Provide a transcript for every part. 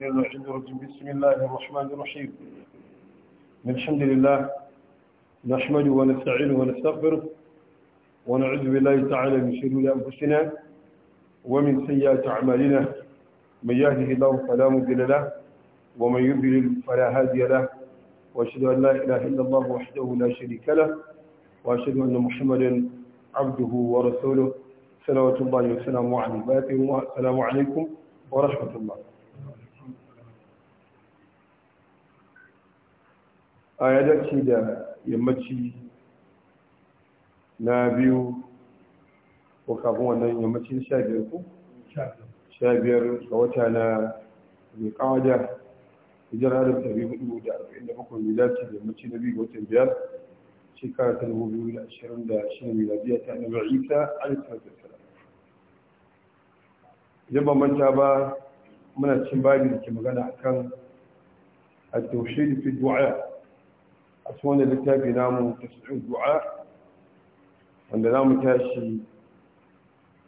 بسم الله الرحمن الرحيم الحمد لله نحمده ونستعينه ونستغفره ونعوذ بالله تعالى من شرور انفسنا ومن سيئات اعمالنا من يهده الله فلا مضل له ومن يضلل فلا هادي له واشهد ان لا اله الا الله وحده لا شريك له واشهد ان محمدا عبده ورسوله صلوات الله وسلامه عليه السلام عليكم ورحمه الله a ya dace da yammaci na biyu ko kafin wannan yammaci sha biyar ko? sha biyar ga wata na mai kawada hijar da tabi hudu da arba'in da bakwai mai dace da yammaci na biyu ga watan biyar shekara ta dubu biyu da ashirin da shida miladiya ta annabi isa da salam idan ba manta ba muna cikin babin da ke magana akan التوحيد في الدعاء a cikin da littafi namun ta cikin du'a wanda namu tashi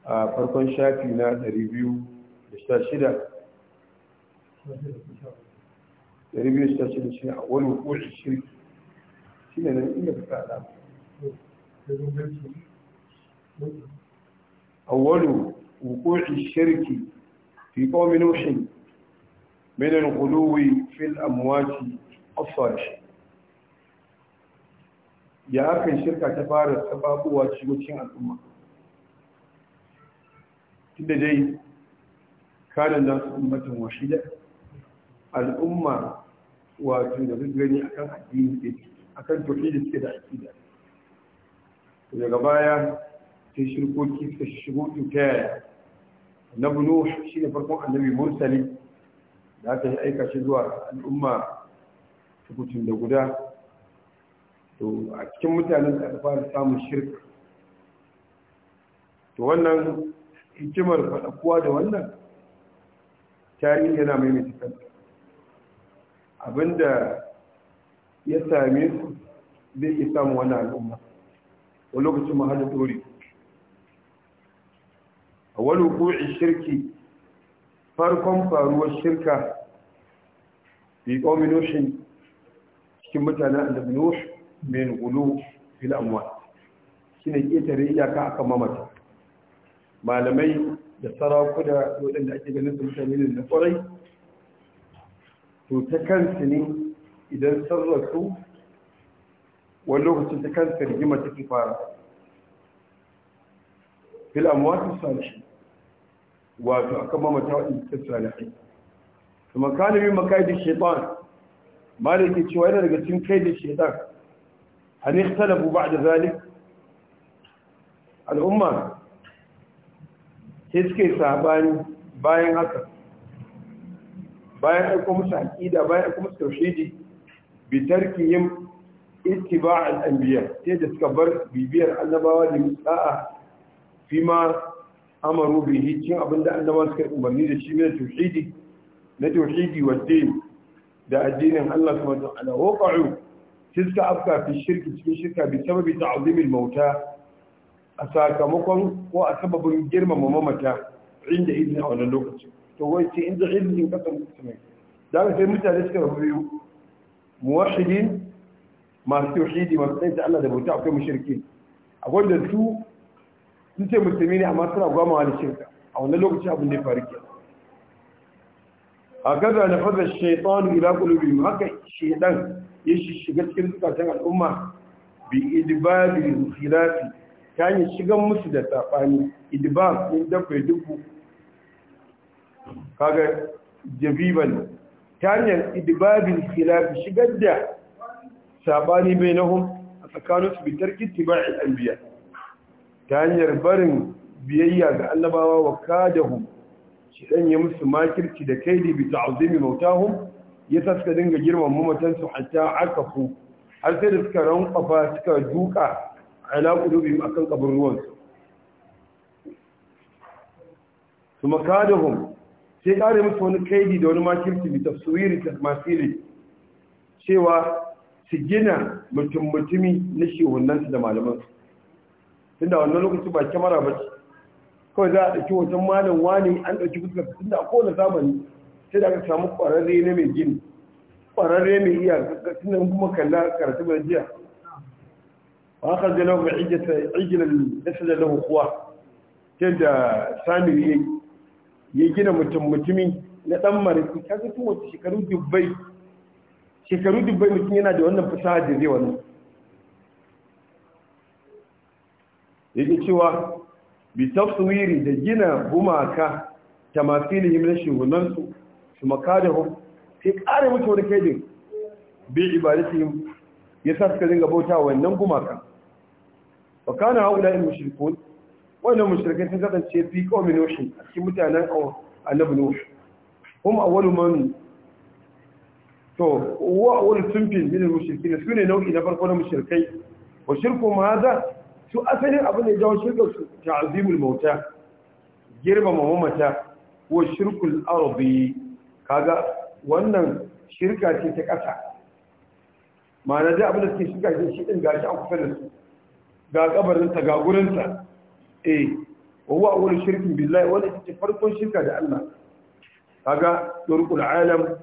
a farkon shafi na 216 shi ne a wani shirki shi ne nan inda ka أول وقوع الشرك في قوم نوح من الغلو في الأموات ya hakan shirka ta fara sababuwa cikin al'umma tunda dai kanan su ummatan washida al'umma wato da duk gani akan addini ne akan tauhidi suke da aqida to daga baya sai shirkoki suka shigo ta yaya annabi nuh shine farkon annabi mursali da aka aika shi zuwa al'umma tukutun da guda to a cikin mutanen da fara samun shirka to wannan hikimar faɗakuwa da wannan tarihi yana maimaita kanta abinda ya same su zai ke samun wani al'umma a lokacin mahalar tori a wani hukuri shirki farkon faruwar shirka bi ƙominoshin cikin mutanen da nuhu min gulu fil amwal shine ketare iyaka akan mamata malamai da da waɗanda ake ganin su mutane ne na kwarai to ta kansu ne idan sarrasu wani lokacin ta kansu rigima ta ke fara fil amwatu salihin wato akan mamata waɗanda ta salihai kuma kana min makaidin shaitan malaki cewa yana daga cikin kai kaidin shaitan hal ikhtalafu ba'da zalik al'umma sai suke sabani bayan haka bayan aiko musu aqida bayan aiko musu tauhidi bi tarkihim ittiba' al-anbiya sai da suka bar bibiyar annabawa da musaa fima amaru bihi cin abinda annabawa suka umarni da shi ne tauhidi na da addinin Allah sai suka afka fi shirki cikin shirka bi sababi ta'zimil mauta a sakamakon ko a sababin girmama mamata inda izini a wannan lokaci to wai sai inda izinin kasar musulmai da sai mutane suka rabu biyu muwahidin masu tauhidi masu tsayin ta Allah da bauta akwai mushriki akwai da su sun ce musulmi ne amma suna gwamawa wani shirka a wannan lokaci abin da ya faru kenan hakaza na fadar shaitan ila qulubihim haka shaitan ya shiga cikin zukatan al'umma bi idbabi khilafi ta hanyar shigan musu da tsafani idbab din dafa duku kaga jabiban ta hanyar idbabin khilafi shiga da na bainahum a tsakanin su bi tarki tibai anbiya ta hanyar barin biyayya ga annabawa wa kadahum shi dan ya musu makirci da kaidi bi ta'zimi mautahum ya sa suka dinga girman mamatansu hatta aka ku har sai da suka rankwafa suka duka ala kudubihim akan kaburruwansu su makadahum sai kare musu wani kaidi da wani makirci bi tafsiri tasmasili cewa su gina mutum mutumi na shehunansu da malamansu tunda wannan lokaci ba kyamara ba ce kawai za a ɗauki hoton malam wani an ɗauki fuskar tunda a kowane zamani sai da aka samu ƙwararre na mai gini ƙwararre mai iya tunan kuma kalla karatu mai jiya ba haka zai lauka mai ajiyar da su da lau kuwa da sami ya gina mutum mutumi na ɗan mariki ta zai tun wata shekaru dubbai shekaru dubbai mutum yana da wannan fasaha da zai wannan yake cewa bi tafsiri da gina gumaka ta masu ilimin shugunansu su makarihun sai ƙare mutu wani kaidin bi ibadatihim ya sa suka dinga bauta wannan gumaka wa kana haula in mushrikun wannan mushrikai sun kasance fi qaumin nuh a cikin mutanen annabi nuh hum awwalu man to wa awwal sunfin min mushrikin su ne nau'i na farko na mushrikai wa shirku ma hada su asalin abin da ya jawo shirku su ta'zimul mauta girma mamata wa shirkul ardi kaga wannan shirka ce ta ƙasa ma'ana da abin da ke shirka ce shi ɗin gashi a kusa da su ga kabarinsa ga gurinsa e eh, wa wani shirkin billahi wanda ce farkon shirka da Allah kaga turkul alam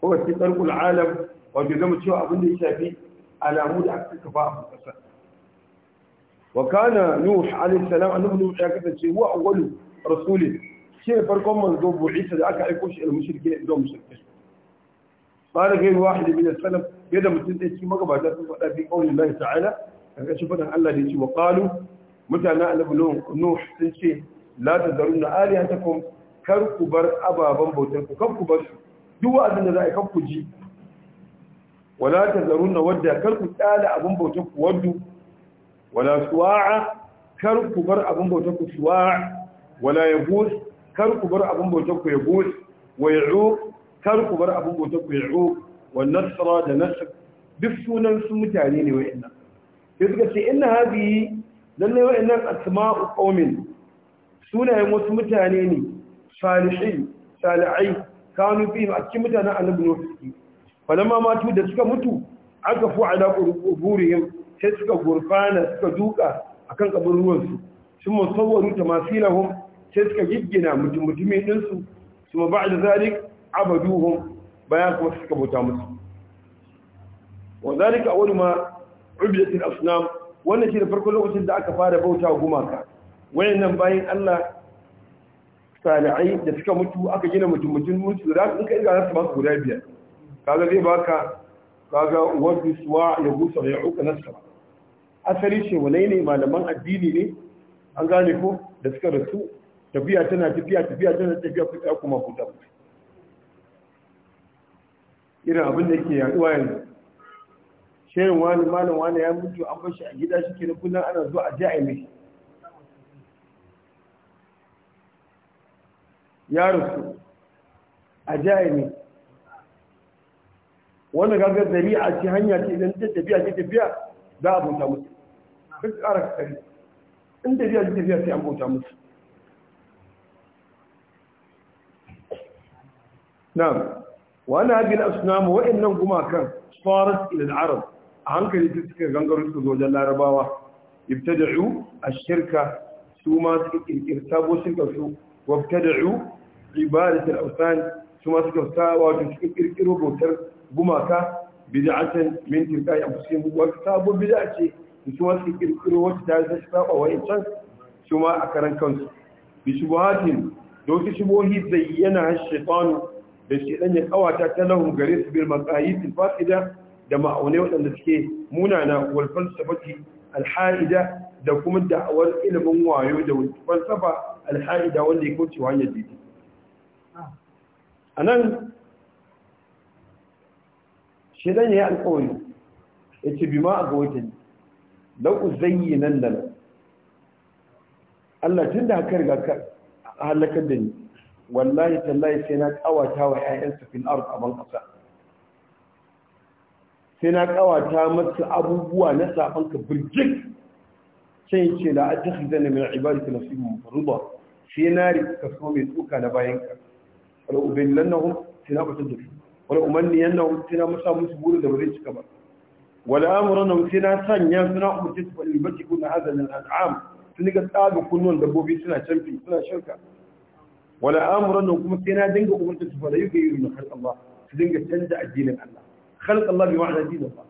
ko ce turkul alam wato zama cewa abin da ya shafi alamu da aka kafa a ƙasa wa kana nuh alayhi salam annabi nuh ya kasance huwa awwalu rasulin shi ne farkon manzo bu'isa da aka aiko shi al-mushrike zuwa mushrike ba da gairu wahidi Salam, salaf yadda mutum ɗaya cikin magabata sun faɗa fi qaulin Allah ta'ala karkashin faɗin Allah da ya ce wa qalu mutanen annabi Nuhu sun ce la tazarunna alihatakum kar ku bar ababen bautar ku kar ku bar su duk wa'azin da za a kar ku ji wala na wadda kar ku tsala abin bautar ku waddu wala suwa'a kar ku bar abin bautar ku suwa'a wala yaghus kar ku bar abin bautar ku ya gode wa kar ku bar abin bautar ku ya ya'u wa nasra da nasr duk sunan su mutane ne wa'annan sai suka ce inna hadhihi lalle wa'annan asma'u qaumin sunayen wasu mutane ne salihin Sali'ai, kanu fi a cikin mutanen annabi nufi falamma matu da suka mutu aka fu ala quburihim sai suka gurfana suka duka akan kaburin ruwansu. sun musawwaru tamasilahum sai suka giggina mutum-mutumi ɗinsu su ma ba da zarik abaduhun bayan kuma suka bauta musu wa a wani ma ubidatul asunan wannan shi da farkon lokacin da aka fara bauta gumaka nan bayan Allah salihai da suka mutu aka gina mutum-mutum mutu da in ka irga rasu su guda biyar kaga zai baka kaga wadda suwa ya gusa ya uka nasara asali ce wani ne malaman addini ne an gane ko da suka rasu tafiya tana tafiya tafiya tana tafiya kuta kuma kuta irin abin da ke yaduwa yanzu shirin wani malam wani ya mutu an bashi a gida shi ke na kullum ana zuwa a ja'i mai ya rasu a ja'a mai wanda gagar a ci hanya ce idan ta tafiya ce tafiya za a bauta musu duk ƙara kare, in tafiya ce tafiya sai an bauta musu na'am wani abin asnamu waɗannan gumakan faras ilal arab a hankali ta suka gangaro suka zo wajen larabawa ibtada'u ash-shirka su ma suka kirkir sabo shirka su wabtada'u ibadatul awsan su ma suka sa wato suka kirkiro bautar gumaka bid'atan min tilkai anfusihim wa sabo bid'a ce su ma wata su ma a karan kansu da shi dan ya kawata ta lahu gare su bil maqayit al fasida da ma'aune wadanda suke munana wal falsafati al haida da kuma da'awar ilimin wayo da falsafa al haida wanda ya kauce hanyar didi anan shi dan ya alƙawari yace bima a gawaitan lau uzayyinan lana Allah tun da haka riga halakar da ni wallahi tallahi sai na kawata wa ƴaƴansu fil ard aban kasa sai na kawata masu abubuwa na safan ka burjik sai yace la atakhizana min ibadika nasibun farida sai na rika so mai tsoka da bayan ka wala ubillannahum sai na batar da su wala umanniyannahum sai na musa musu buru da ba zai cika ba wala amrunahum sai na sanya suna umurce su fa libati kuna hadha min al'am sun ga tsaga kunnuwan dabbobi suna canfi suna shirka wala amuran nan kuma sai na dinga umarta su fara yuke yi na Allah su dinga canza addinin Allah khalq Allah bi ma'ana addinin Allah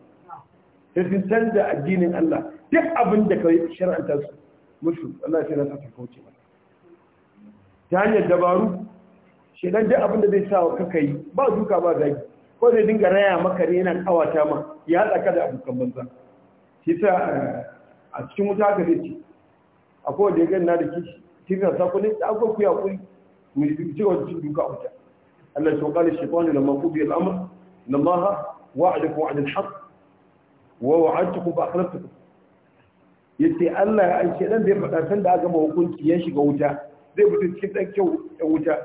sai sun canza addinin Allah duk abin da kai shar'anta su musu Allah sai na sa kauce ba ta hanyar dabaru shedan duk abin da zai sa ka kai ba duka ba zagi ko zai dinga raya maka ne yana kawata ma ya tsaka da abokan banza shi sa a cikin wuta ka zai ce akwai da ya gani na da kishi tirin sa kuma kullum da akwai kuya kuri مليجوا الله وقال الشيطان لما قضي الأمر إن الله وعدك وعد الحق ووعدتكم فأخلفتكم yace Allah ya aike dan zai faɗa san a aka ba hukunci ya shiga wuta zai fito cikin dan kyau wuta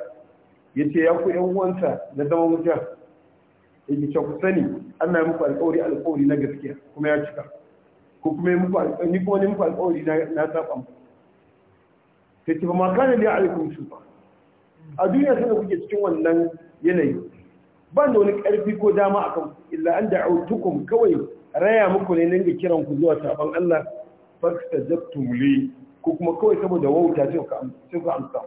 ya ku yan uwansa na zama wuta yake ce ku sani Allah ya muku alƙawari alƙawari na gaskiya kuma ya cika ko kuma ni alƙawari na a duniya sun da kuke cikin wannan yanayi ba da wani ƙarfi ko dama a kan illa an da autukun kawai raya muku ne nan ga kiran ku zuwa sabon Allah fakta jabtum ko kuma kawai saboda wauta sai ku sai ku amsa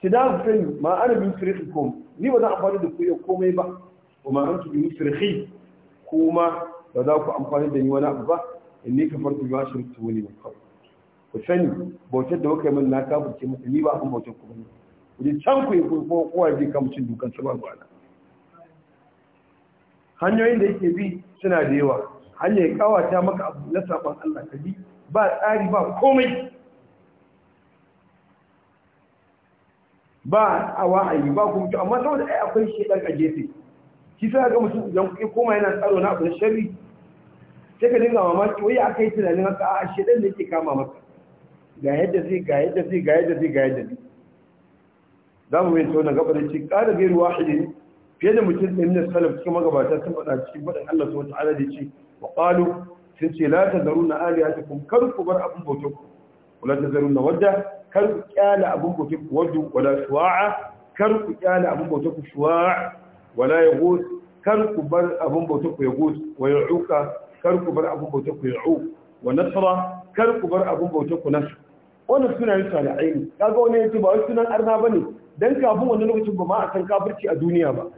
ki da ku sani ma ana bin sirrikum ni ba zan amfani da ku yau komai ba kuma ma antu bin sirri kuma ba za ku amfani da ni wani abu ba inni ka bi ma shirtu wani min kawai ku sani bautar da kuka yi min na kafirce mutum ni ba an bautar ku bane ku ji can ku yi ko kowa bi kan mutum dukan su ba ala hanyoyin da yake bi suna da yawa hanya ya kawata maka abu na saban Allah ka bi ba tsari ba komai ba a wa'ayi ba ku mutu amma saboda ai akwai shedan a gefe shi sai ga mutum idan kai koma yana tsaro na abu na sharri sai ka dinga mamaki wai akai tunanin haka a shedan ne yake kama maka ga yadda zai ga yadda zai ga yadda zai ga yadda zai za mu yin taunan gaba da ce ƙara bai ruwa hajji fiye da mutum ɗin na salaf cikin magabata sun faɗa cikin faɗin allah su wata ala da ce wa ƙalu sun ce la ta zaru na aliya ta kuma kar ku bar abin bautar ku wala ta zaru na wadda kar ku kyala abin bautar ku wadda wala shuwa'a kar ku kyala abin bautar ku shuwa'a wala ya gos kar ku bar abin bautar ku ya gos wa ya uka kar ku bar abin bautar ku ya u wa nasara kar ku bar abin bautar ku nasara wannan sunayen salihai kaga wani yace ba wai sunan arna bane dan kafin wannan lokacin ba ma a san kafirci a duniya ba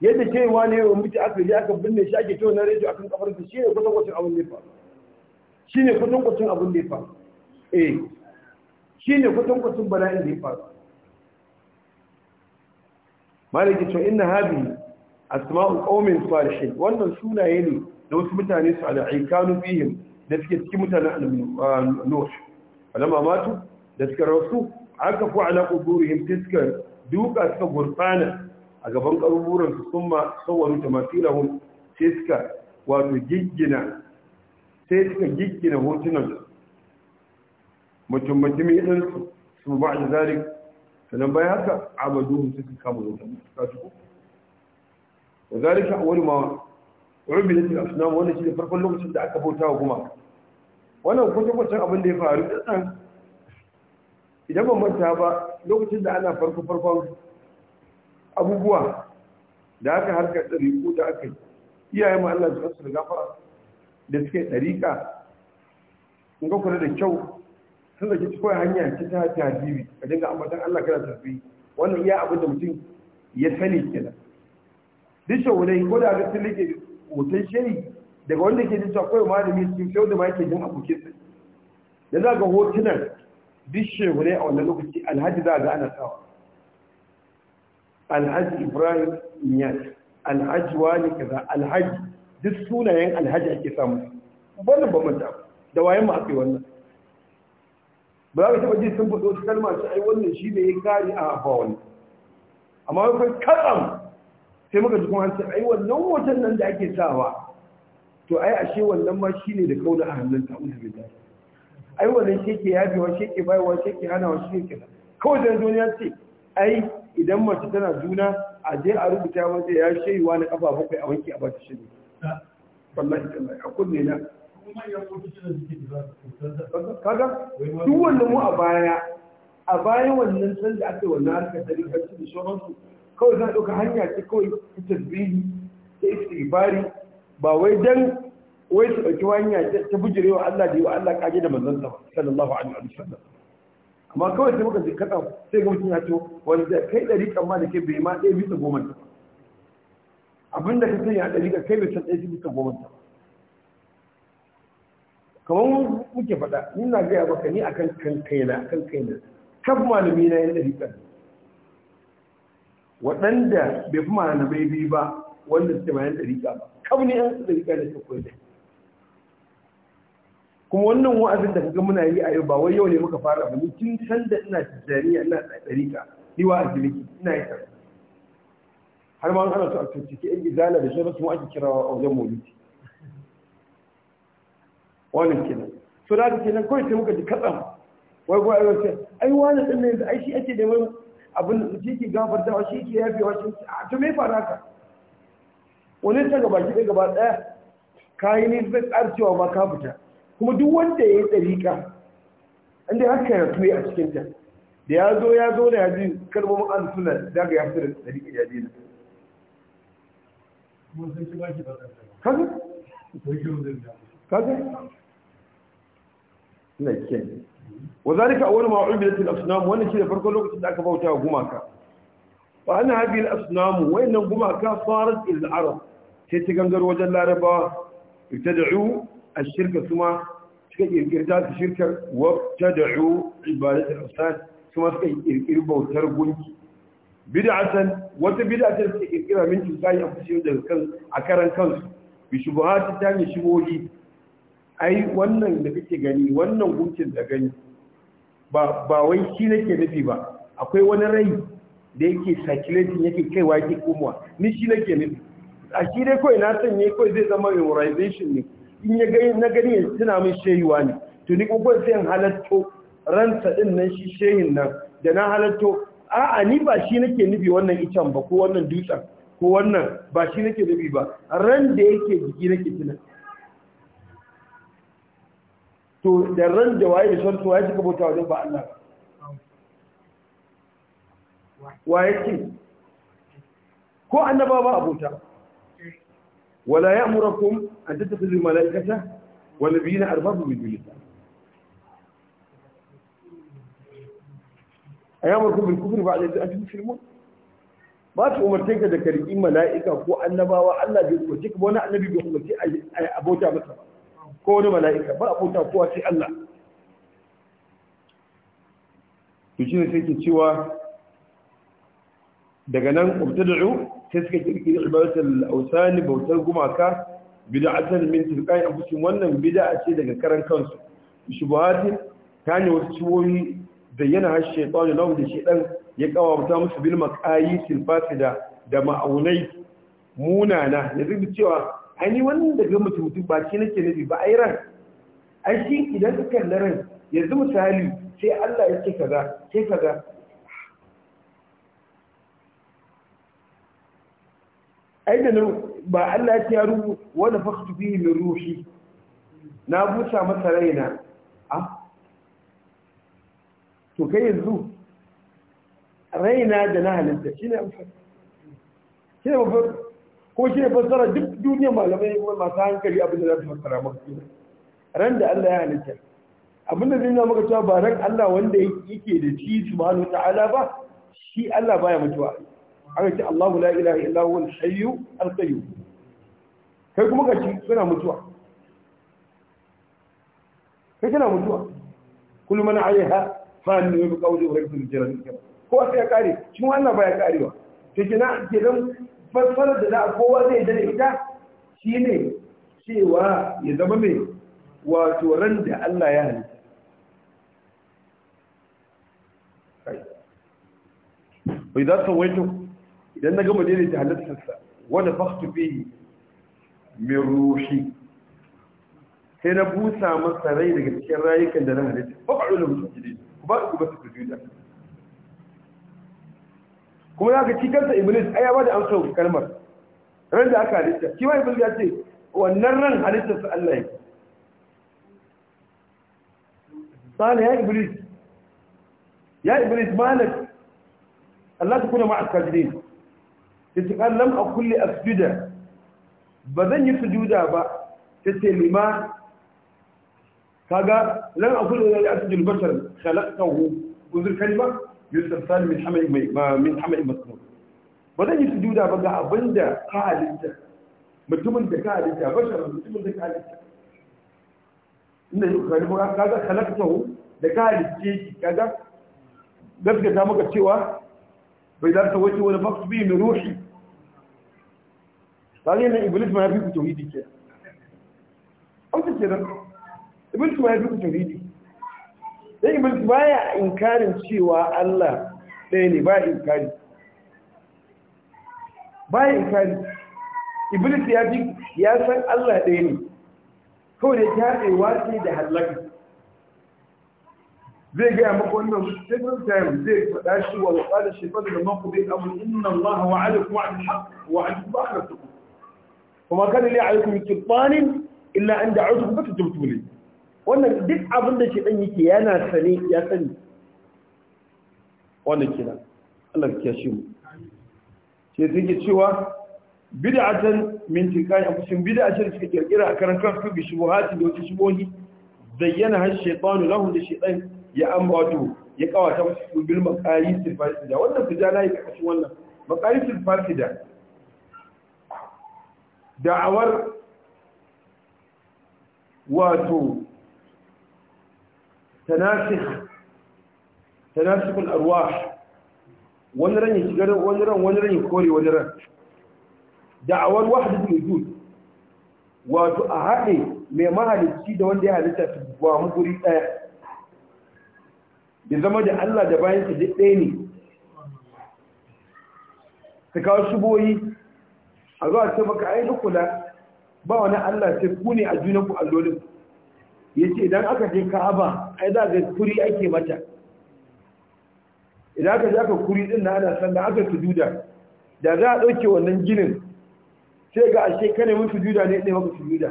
yadda cewa ne wa mutu aka yi aka binne shi ake cewa na rediyo akan kafar shi shine kusan kwacin abin nefa shine kusan kwacin abin nefa eh shine kusan kwacin bala'in da ya faru malaki to inna habi asma'u qaumin salihin wannan sunaye ne da wasu mutane su kanu bihim da suke cikin mutanen annabi alamma matu da suka rasu aka fu ala quburihim tiskar duka suka gurfana a gaban karuburan su kuma sawaru tamathilahum tiskar wato giggina sai suka giggina hotunan mutum mutumi din su su ba da zalik sannan bayan haka abaduhu suka kama hotunan su ka shi ko wa awwal ma rubi da asnam wanda shi da farkon lokacin da aka bauta wa guma wannan kun tabbatar abin da ya faru da idan ban manta ba lokacin da ana farko farkon abubuwa da aka harka ko da aka yi iyayen ma Allah zuwa su da gafara da suke yi in ga kula da kyau sun da kici kawai hanya ci ta tajiri a dinga ambatan Allah kana tafi wannan iya abin da mutum ya sani kenan duk shawarai ko da ga sun lake hoton shiri, daga wanda ke jin cewa kawai malami cikin fiye da ma yake jin abokin sa da za ga hotunan duk shehu ne a wannan lokaci alhaji za ga ana sawa alhaji ibrahim niyar alhaji wani kaza alhaji duk sunayen alhaji ake samu wannan ba manta da wayan ma aka wannan ba za ka taɓa ji sun su kalma su ai wannan shi ne ya kare a ba wani amma wani kan katsam sai muka ji kuma an ce ai wannan wutan nan da ake sawa to ai ashe wannan ma shine da kauna a hannun ta uzu billahi ai wannan shi ke yafewa shi ke wa shi ke hanawa shi ke kawai da duniya ce ai idan mace tana juna a je a rubuta mata ya wa na kafa bakwai a wanki a bata shi ne wallahi tallahi a kunne na kaga duk wannan mu a baya a baya wannan sanda da aka yi wannan harkar da rikar da shoransu kawai za a ɗauka hanya ce kawai ta tasbihi ta istighfari ba wai dan wai su ɗauki hanya ta bujirewa Allah da yi wa Allah kage da manzansa ba sallallahu alaihi wa sallam amma kawai sai muka ji ta sai ga mutum ya ce wanda kai ɗari kan ma da ke bai ma ɗaya bisa goma ta abin da ka sanya a ɗari ka kai bai san ɗaya bisa goma ta kamar muke faɗa ni na gaya maka ni akan kan kaina akan kaina kan malami na yan ɗari kan waɗanda bai fi malamai biyu ba wanda suke bayan ɗariƙa ba kam ne yan su ɗariƙa da suka koyar kuma wannan wa'azin da kaga muna yi a yau ba wai yau ne muka fara ba ni tun san da ina tijjaniya ina ɗariƙa ni wa aziliki ina yi tara har ma ana so a tuntuke yan izala da shirin su ake kirawa a wajen maulidi wannan kenan so da kenan kawai sai muka ji katsan wai gwai wai sai ai wani ɗin ne da ai shi ake neman abin da suke ke wa shi ke yafewa shi a to mai fara ka wani ta gaba ki gaba daya kayi ne zai tsarcewa ma ka fita kuma duk wanda ya yi tsarika inda da karatu ya a cikin ta da ya zo ya zo da ya ji kalmomin an suna daga ya fitar da tsarika ya dina kaga kaga wa zalika awwal ma ubidat al asnam wannan shi da farko lokacin da aka bauta wa gumaka fa anna hadhihi al asnam wa inna gumaka sarat il arab sai ta gangar wajen larabawa ibtada'u al shirka kuma suka kirkirta su shirkar wa tada'u ibadat al asnam kuma suka kirkiri bautar gunki bid'atan wata bid'atan suka kirkira min tusai a fushi daga kan a karan kansu bi shubuhati ta ne shubuhi ai wannan da kake gani wannan gunkin da gani ba ba wai shi nake nufi ba akwai wani rai da yake circulating yake kaiwa yake komowa ni shi nake nufi a shi dai kawai na ne kawai zai zama memorization ne in ya gani na gani yanzu tana min shehiwa ne to ni kuma sai in halatto ransa din nan shi shehin nan da na halatto a'a ni ba shi nake nufi wannan icen ba ko wannan dutsen ko wannan ba shi nake nufi ba ran da yake jiki nake tuna. to da ran da waye da shantu waye suka bauta wajen ba Allah waye ce ko annaba ba abota wala ya'murukum an tattakhidhu malaikata wa nabiyina arbaba min dunillah ayyamukum bil kufri ba'da an tuslimun ba su umarce ka da karbi mala'ika ko annabawa Allah bai umarce ka ba wani annabi bai umarce abota masa ba ko wani mala'ika ba a kuta kowa sai Allah to ne sai cewa daga nan ubtada'u sai suka kirkiri ibadatul awsani bautar gumaka bid'atan min Kayan anfusihim wannan bid'a ce daga karan kansu shubuhatin ne wasu ciwoyi da yana har shaytan lahu shi ɗan ya kawamta musu bil makayi silfasi da ma'aunai munana yanzu cewa ani wannan da ga mutum mutum ba shi nake nabi ba ai ran ai shi idan ka kalli ran yanzu misali sai Allah ya kaza sai kaza ai da ba Allah ya ce ya rubu wani faktu bihi min ruhi na busa masa raina a ah. to kai yanzu raina da na halitta shine amfani shine ne ko shi ne fassara duk duniya malamai kuma masu hankali abin da za su fassara maka ran da Allah ya halitta abin da zai nuna maka cewa ba ran Allah wanda yake da shi subhanahu ta'ala ba shi Allah baya mutuwa aka ce Allahu la ilaha illa huwa al-hayyu al-qayyum kai kuma ka ci suna mutuwa kai kana mutuwa kullu man alaiha fan ne bi qawli wa rabbul jalal ko sai ya kare shi wannan baya karewa to kina kenan fasfarar da za a kowa zai dare ita shi ne cewa ya zama mai wato ran da Allah ya halitta bai za su waito idan na gama daidaita halittarsa wadda faktu fiye mai rushi sai na busa masa rai daga cikin rayukan da na halitta ba a ɗaukar mutum jide ba a ɗaukar mutum jide kuma ya ka ci kansa iblis ai ya ba da amsa kalmar ran da aka halitta shi ma iblis ya ce wannan ran halittar su Allah ya tsala ya iblis ya iblis malak Allah ta kuna ma'a sajidin ta ce kallon a kulle a sujuda ba zan yi sujuda ba ta ce lima kaga ran a kulle a sujuda bashar shalakta hu uzur ba. yustafsal min hamai mai min hamai masnun ba zan yi su sujuda ba ga abinda ka halitta mutumin da ka halitta bashar mutumin da ka halitta inda yau ka rubuta kaga khalaqtahu da ka halitta shi kaga gaskata maka cewa bai za ta wace wani mafi biyu mai ruhi Ba tare na iblis ma ya fi ku tauhidi ke an ta ke nan iblis ma ya fi ku tauhidi sai iblis ya inkarin cewa Allah ɗaya ne ba inkari ba inkari iblis ya san Allah ɗaya ne kawai da kyaɗewa ce da hallaka zai gaya makonnan, wannan several times zai faɗa shi wa waƙada shi fada da maku zai abu inna Allah wa alaikum wa alaikum ba a nasu kuma kada ne alaikum kirɓanin illa an da'autu ku ba ta jimtu wannan duk abin da shedan yake yana sane ya sani wannan kenan Allah ya kiyaye mu sai take cewa bid'atan min tilkai anfusihim bid'a shi suka kirkira a karan kansu bi buhati da wata shubuhi zayyana har shaytanu lahu da shaytan ya ambato ya kawata musu bil makari al fasida wannan fijala yake kashin wannan makari al da'awar wato tanasikh tanasikul arwah wani ran ya shiga wani ran wani ran ya kore wani ran da'awar wahdatul wujud wato a haɗe mai mahalicci da wanda ya halitta su ba mu guri ɗaya da zama da Allah da bayan su ɗaya ne su kawo shuboyi a zuwa ce maka ai kula ba wani Allah sai ku ne a junanku allolin ce idan aka je Ka'aba ai za ga kuri ake mata idan aka je aka kuri din na ana sanda aka duda. da za a ɗauke wannan ginin sai ga ashe ka nemi duda ne ne maka duda.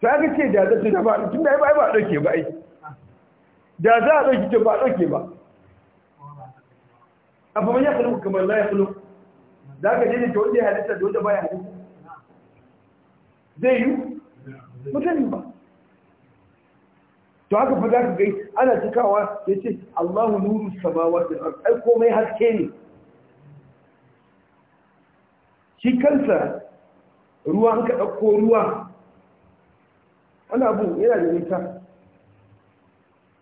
Ta aka ce da za ta ba tun da ba a ɗauke ba ai da za a ɗauke ta ba ɗauke ba abu ya kulu kamar la ya kulu za ka je ne ta wanda ya halitta da wanda ya halitta zai yi mutane ba to haka fa za ka gai ana cikawa ya ce allahu nuru samawa da ai komai haske ne shi kansa ruwa an ka ɗauko ruwa wani abu yana da nisa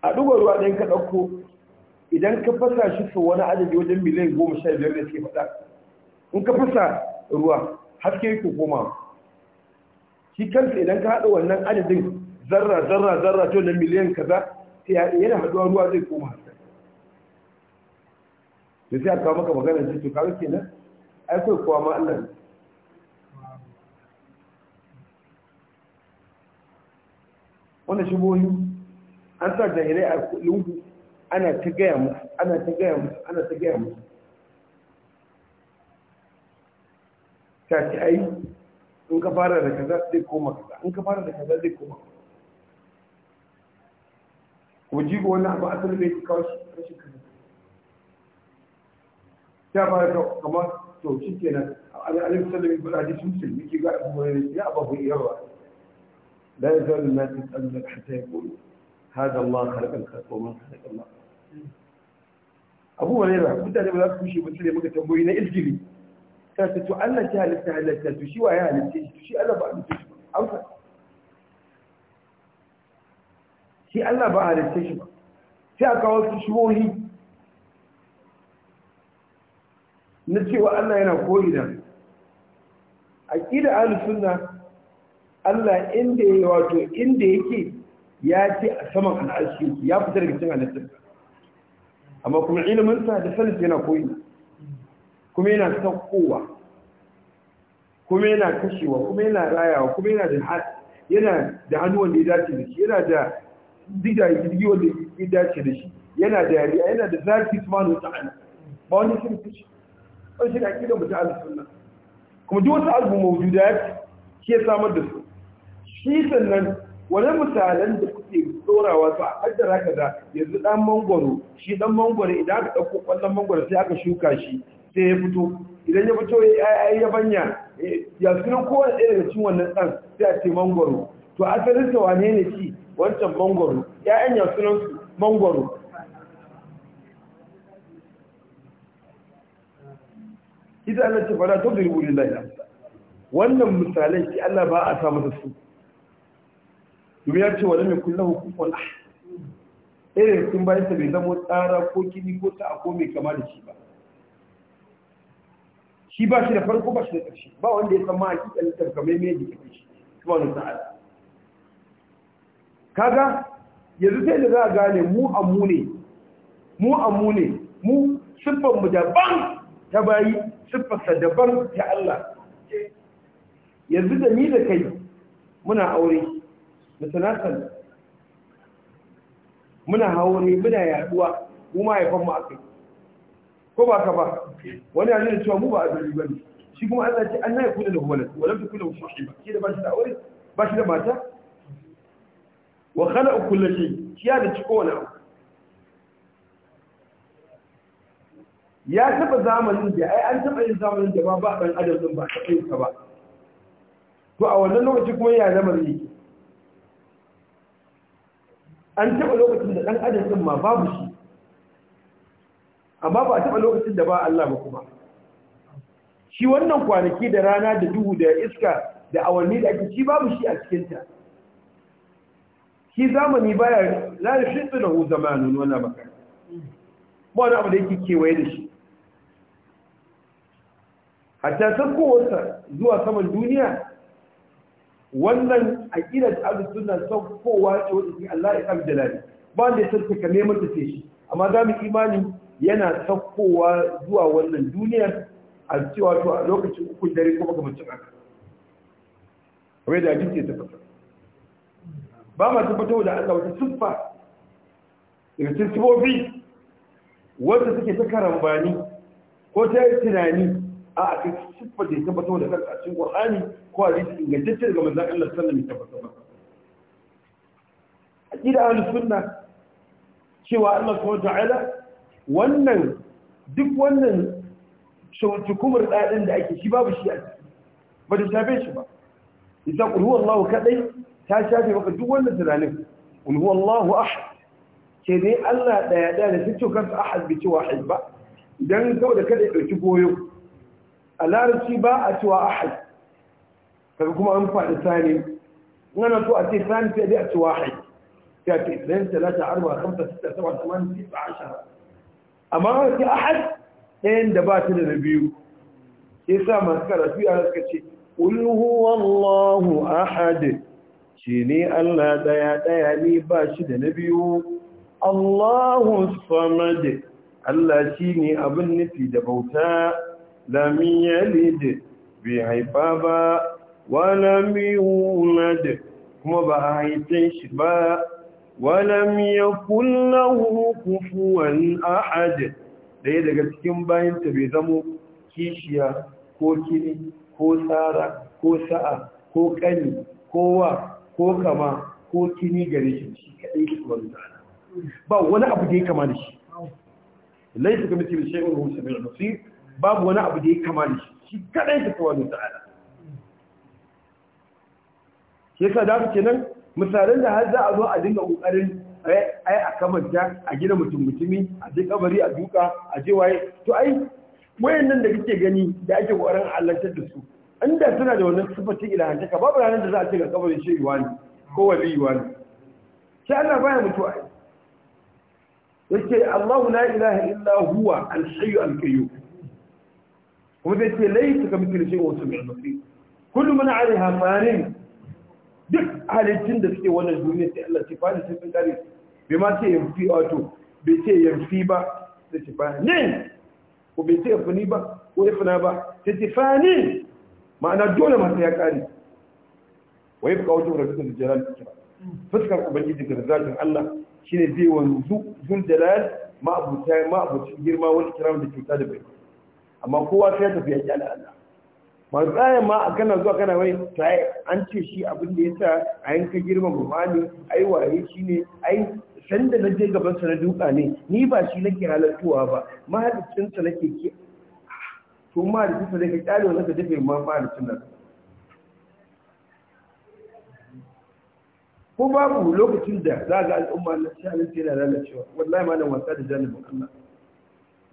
a ɗuga ruwa ɗin ka ɗauko idan ka fasa shi su wani adadi wajen miliyan goma sha biyar da ke faɗa in ka fasa ruwa haske ko komawa shi kansa idan ka haɗa wannan adadin zarra zarra zarra to na miliyan kaza yana haɗuwa ruwa zai koma hasken da sai a kawo maka magana ce to kawo kenan ai kai kuwa ma Allah ne wannan boyi an sa jahilai a lungu ana ta gaya musu ana ta gaya musu ana ta gaya musu ta ce ai in ka fara da kaza zai koma kaza in ka fara da kaza zai koma ko jigo wani abu asali bai kawo shi rashin kaza Ya fara kawo kamar to shi kenan alif sallami bin hadis muslim yake ga abu hurairah ya abu hurairah la yazalu an-nas yas'aluna hatta yaqulu hada Allah khalaqa al-khalqa wa man khalaqa Allah abu hurairah mutane ba za su kushe ba su sai muka tambayi na ilgiri ta to Allah ya halitta halitta to shi waye halitta shi shi Allah ba halitta shi ba amsa shi Allah ba halitta shi ba sai aka wasu shubohi na cewa Allah yana koyi da aqida ahlus sunna Allah inda yake wato inda yake ya ce a saman al'ashi ya fitar da cikin halittar amma kuma ilimin sa da sanin yana koyi kuma yana saukowa kuma yana kashewa kuma yana rayawa kuma yana da yana da hannu wanda ya dace da shi yana da diga jirgi wanda ya dace da shi yana da yariya yana da zafi subhanahu wata ala. ba wani shirin shi wani ake da mutu ala sunna kuma duk wata da mawjudat shi ya samar da su shi sannan wani misalan da kuke dorawa su a ka da yanzu dan mangwaro shi dan mangwaro idan aka ɗauko ƙwallon mangwaro sai aka shuka shi sai ya fito idan ya fito ya yi yabanya ya sunan kowane ɗaya daga cin wannan ɗan sai a ce mangoro to asalin sa wane ne ci wancan mangoro ya'yan ya sunan su mangoro ita ana ce fara to dirbu laya wannan misalin shi Allah ba a sa masa su domin ya ce wani mai kullahu kufuwan Ɗaya da sun bayan sa bai zama tsara ko kini ko ta ako mai kama da shi ba shi ba shi da farko ba shi da ƙarshe ba wanda ya san ma hakika littafin kamar me yake kake shi subhanahu sa'ad kaga yanzu sai da za a gane mu ammu ne mu ammu ne mu siffar mu daban ta bayi siffar sa daban ta Allah yanzu da ni da kai muna aure mutanatan muna haure muna yaduwa mu ma haifan mu akai ko ba ka ba wani ya nuna cewa mu ba azali ba ne shi kuma Allah ce Allah ya kula da humalar walam ta kula shi ba shi da ba shi da aure ba shi da mata wa khalaqa kullu shay shi ya da ci kowane abu ya taba zamanin da ai an taba yin zamanin da ba ba dan adam din ba ta kai ka ba to a wannan lokaci kuma ya lamarin ne. an taba lokacin da dan adam din ma babu shi amma ba a taɓa lokacin da ba Allah ba kuma shi wannan kwanaki da rana da duhu da iska da awanni da ake shi babu shi a cikinta shi zamani baya la tsuna hu zamanu wala makan ba wani abu da yake kewaye da shi hatta sakkowarsa zuwa saman duniya wannan aƙidar suna sunna saukowa ce ke Allah ya kamdala ba wanda ya sarka kame ta ce shi amma za mu imani yana saukowa zuwa wannan duniyar a cewa to a lokacin ukun dare ko makamacin aka kamar da hadisi ta tabbata ba ma tabbatar da Allah wata siffa daga cikin sifofi wanda suke ta karambani ko ta yi tunani a a kai siffar da ya tabbatar da kanka a cikin Qur'ani ko a hadisi ingantacce daga manzon Allah sallallahu alaihi wasallam A tabbatar maka sunna cewa Allah subhanahu wa ta'ala wannan duk wannan shukumar ɗaɗin da ake shi babu shi a ciki ba da shafe shi ba ita ƙulhuwan lahu kaɗai ta shafe maka duk wannan tunanin ƙulhuwan lahu ahad ke ne allah ɗaya ɗaya da cikin kansa a bi cewa ahad ba don saboda kada ya ɗauki goyo a larabci ba a cewa ahad kaga kuma an faɗi sani ngana so a ce sani sai dai a cewa ahad sai a ce 2 3 4 5 6 7 8 9 10 amma har ahad ɗayan da ba ta da na biyu sai sa masu karatu ya suka ce ulhu wallahu ahad shi ne Allah daya daya ne ba shi da na biyu Allahu samad Allah shi ne abin nufi da bauta lam yalid bi haifa ba wa lam yulad kuma ba a haife shi ba ولم يكن له كفوا أحد ɗaya daga cikin bayanta bai zamo kishiya ko kini ko tsara ko sa'a ko ko wa, ko kama ko kini gare shi shi kaɗai shi wani tsara ba wani abu da ya kama da shi Lai su mutum shi ɗin rusa mai rusi babu wani abu da ya kama da shi shi kaɗai shi wani ta'ala. shi yasa da haka kenan misalan da har za a zo a dinga kokarin eh, ai a kamanta a gina mutum mutumi a je kabari a duka a je waye to ai wayannan da kake gani da ake kokarin halantar da su inda suna da wannan sifatin ilahantaka babu ranar da za a ce ga kabarin shi wani ko wali wani sai Allah baya mutuwa yake Allahu la ilaha illa huwa al-hayy al-qayyum kuma sai ce laysa kamithlihi shay'un wa huwa as basir kullu man 'alayha fanin duk halittun da suke wannan duniya sai Allah ce fani sai sun kare bai ma ce yamfi wato bai ce yamfi ba sai ce fani ko bai ce yamfi ba ko ya yafina ba sai ce fani ma'ana dole masu ya kare wa yabqa wajhu rabbika dhul jalal fuskar ubangiji ga zatin Allah shine zai wanzu zun jalal ma abuta ma girma wani kiran da kyauta da bai amma kowa sai ya tafi ya kyale Allah ba ma ma kana zuwa kana wani tsaye an ce shi abin da ya sa a yanka girma gumani ai waye shi ne ai sanda na je gaban sa na duka ne ni ba shi nake halartuwa ba mahalicin sa nake ke to mahalicin sa nake kyale wanda ka dafe ma mahalicin nan ko babu lokacin da za ga al'umma na shanin sai na lalacewa wallahi na wasa da janibin Allah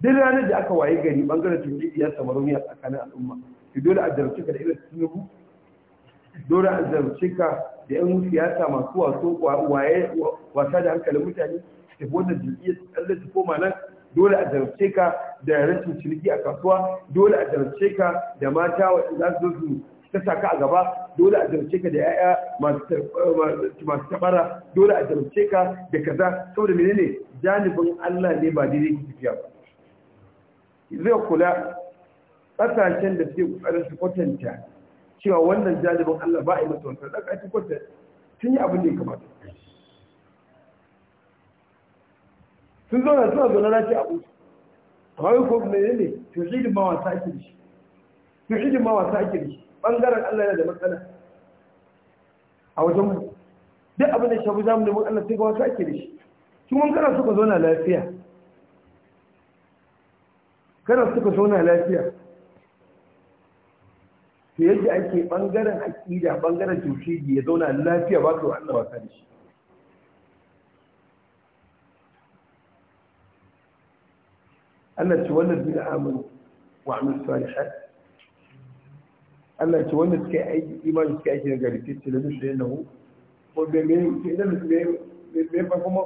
duk ranar da aka waye gari bangaren tauhidi ya samarwa rumiya tsakanin al'umma ki dole a jarumce ka da irin tinubu dole a jarumce ka da yan siyasa masu waso waye wasa da hankalin mutane ta wannan jam'iyyar tsalle su koma nan dole a jarumce ka da rashin ciniki a kasuwa dole a jarumce ka da mata waɗanda za su zo ta saka a gaba dole a jarumce ka da ya'ya masu tabara dole a jarumce ka da kaza saboda menene janibin Allah ne ba daidai ki tafiya ba zai kula ƙasashen da suke ƙoƙarin su kwatanta cewa wannan jalibin Allah ba a yi masa wata sadaka a kwatanta sun yi abin da ya kamata sun zauna suna zaune na ce abu amma yi ko mai ne tauhidin ma wasa ake da shi tauhidin ma wasa ake da shi ɓangaren Allah yana da matsala a wajen mu duk abin da shafi zamu neman Allah sai ga wasa ake da shi su mun kana suka zauna lafiya kana suka zauna lafiya to yadda ake bangaren aƙida bangaren tauhidi ya zauna lafiya ba ka Allah wasa da shi Allah ce wannan bin amin wa amin salihat Allah ce wannan suka yi aiki imani suka yi aiki na gari ta ce lalu shi yana hu ko bai mai ke da bai fa kuma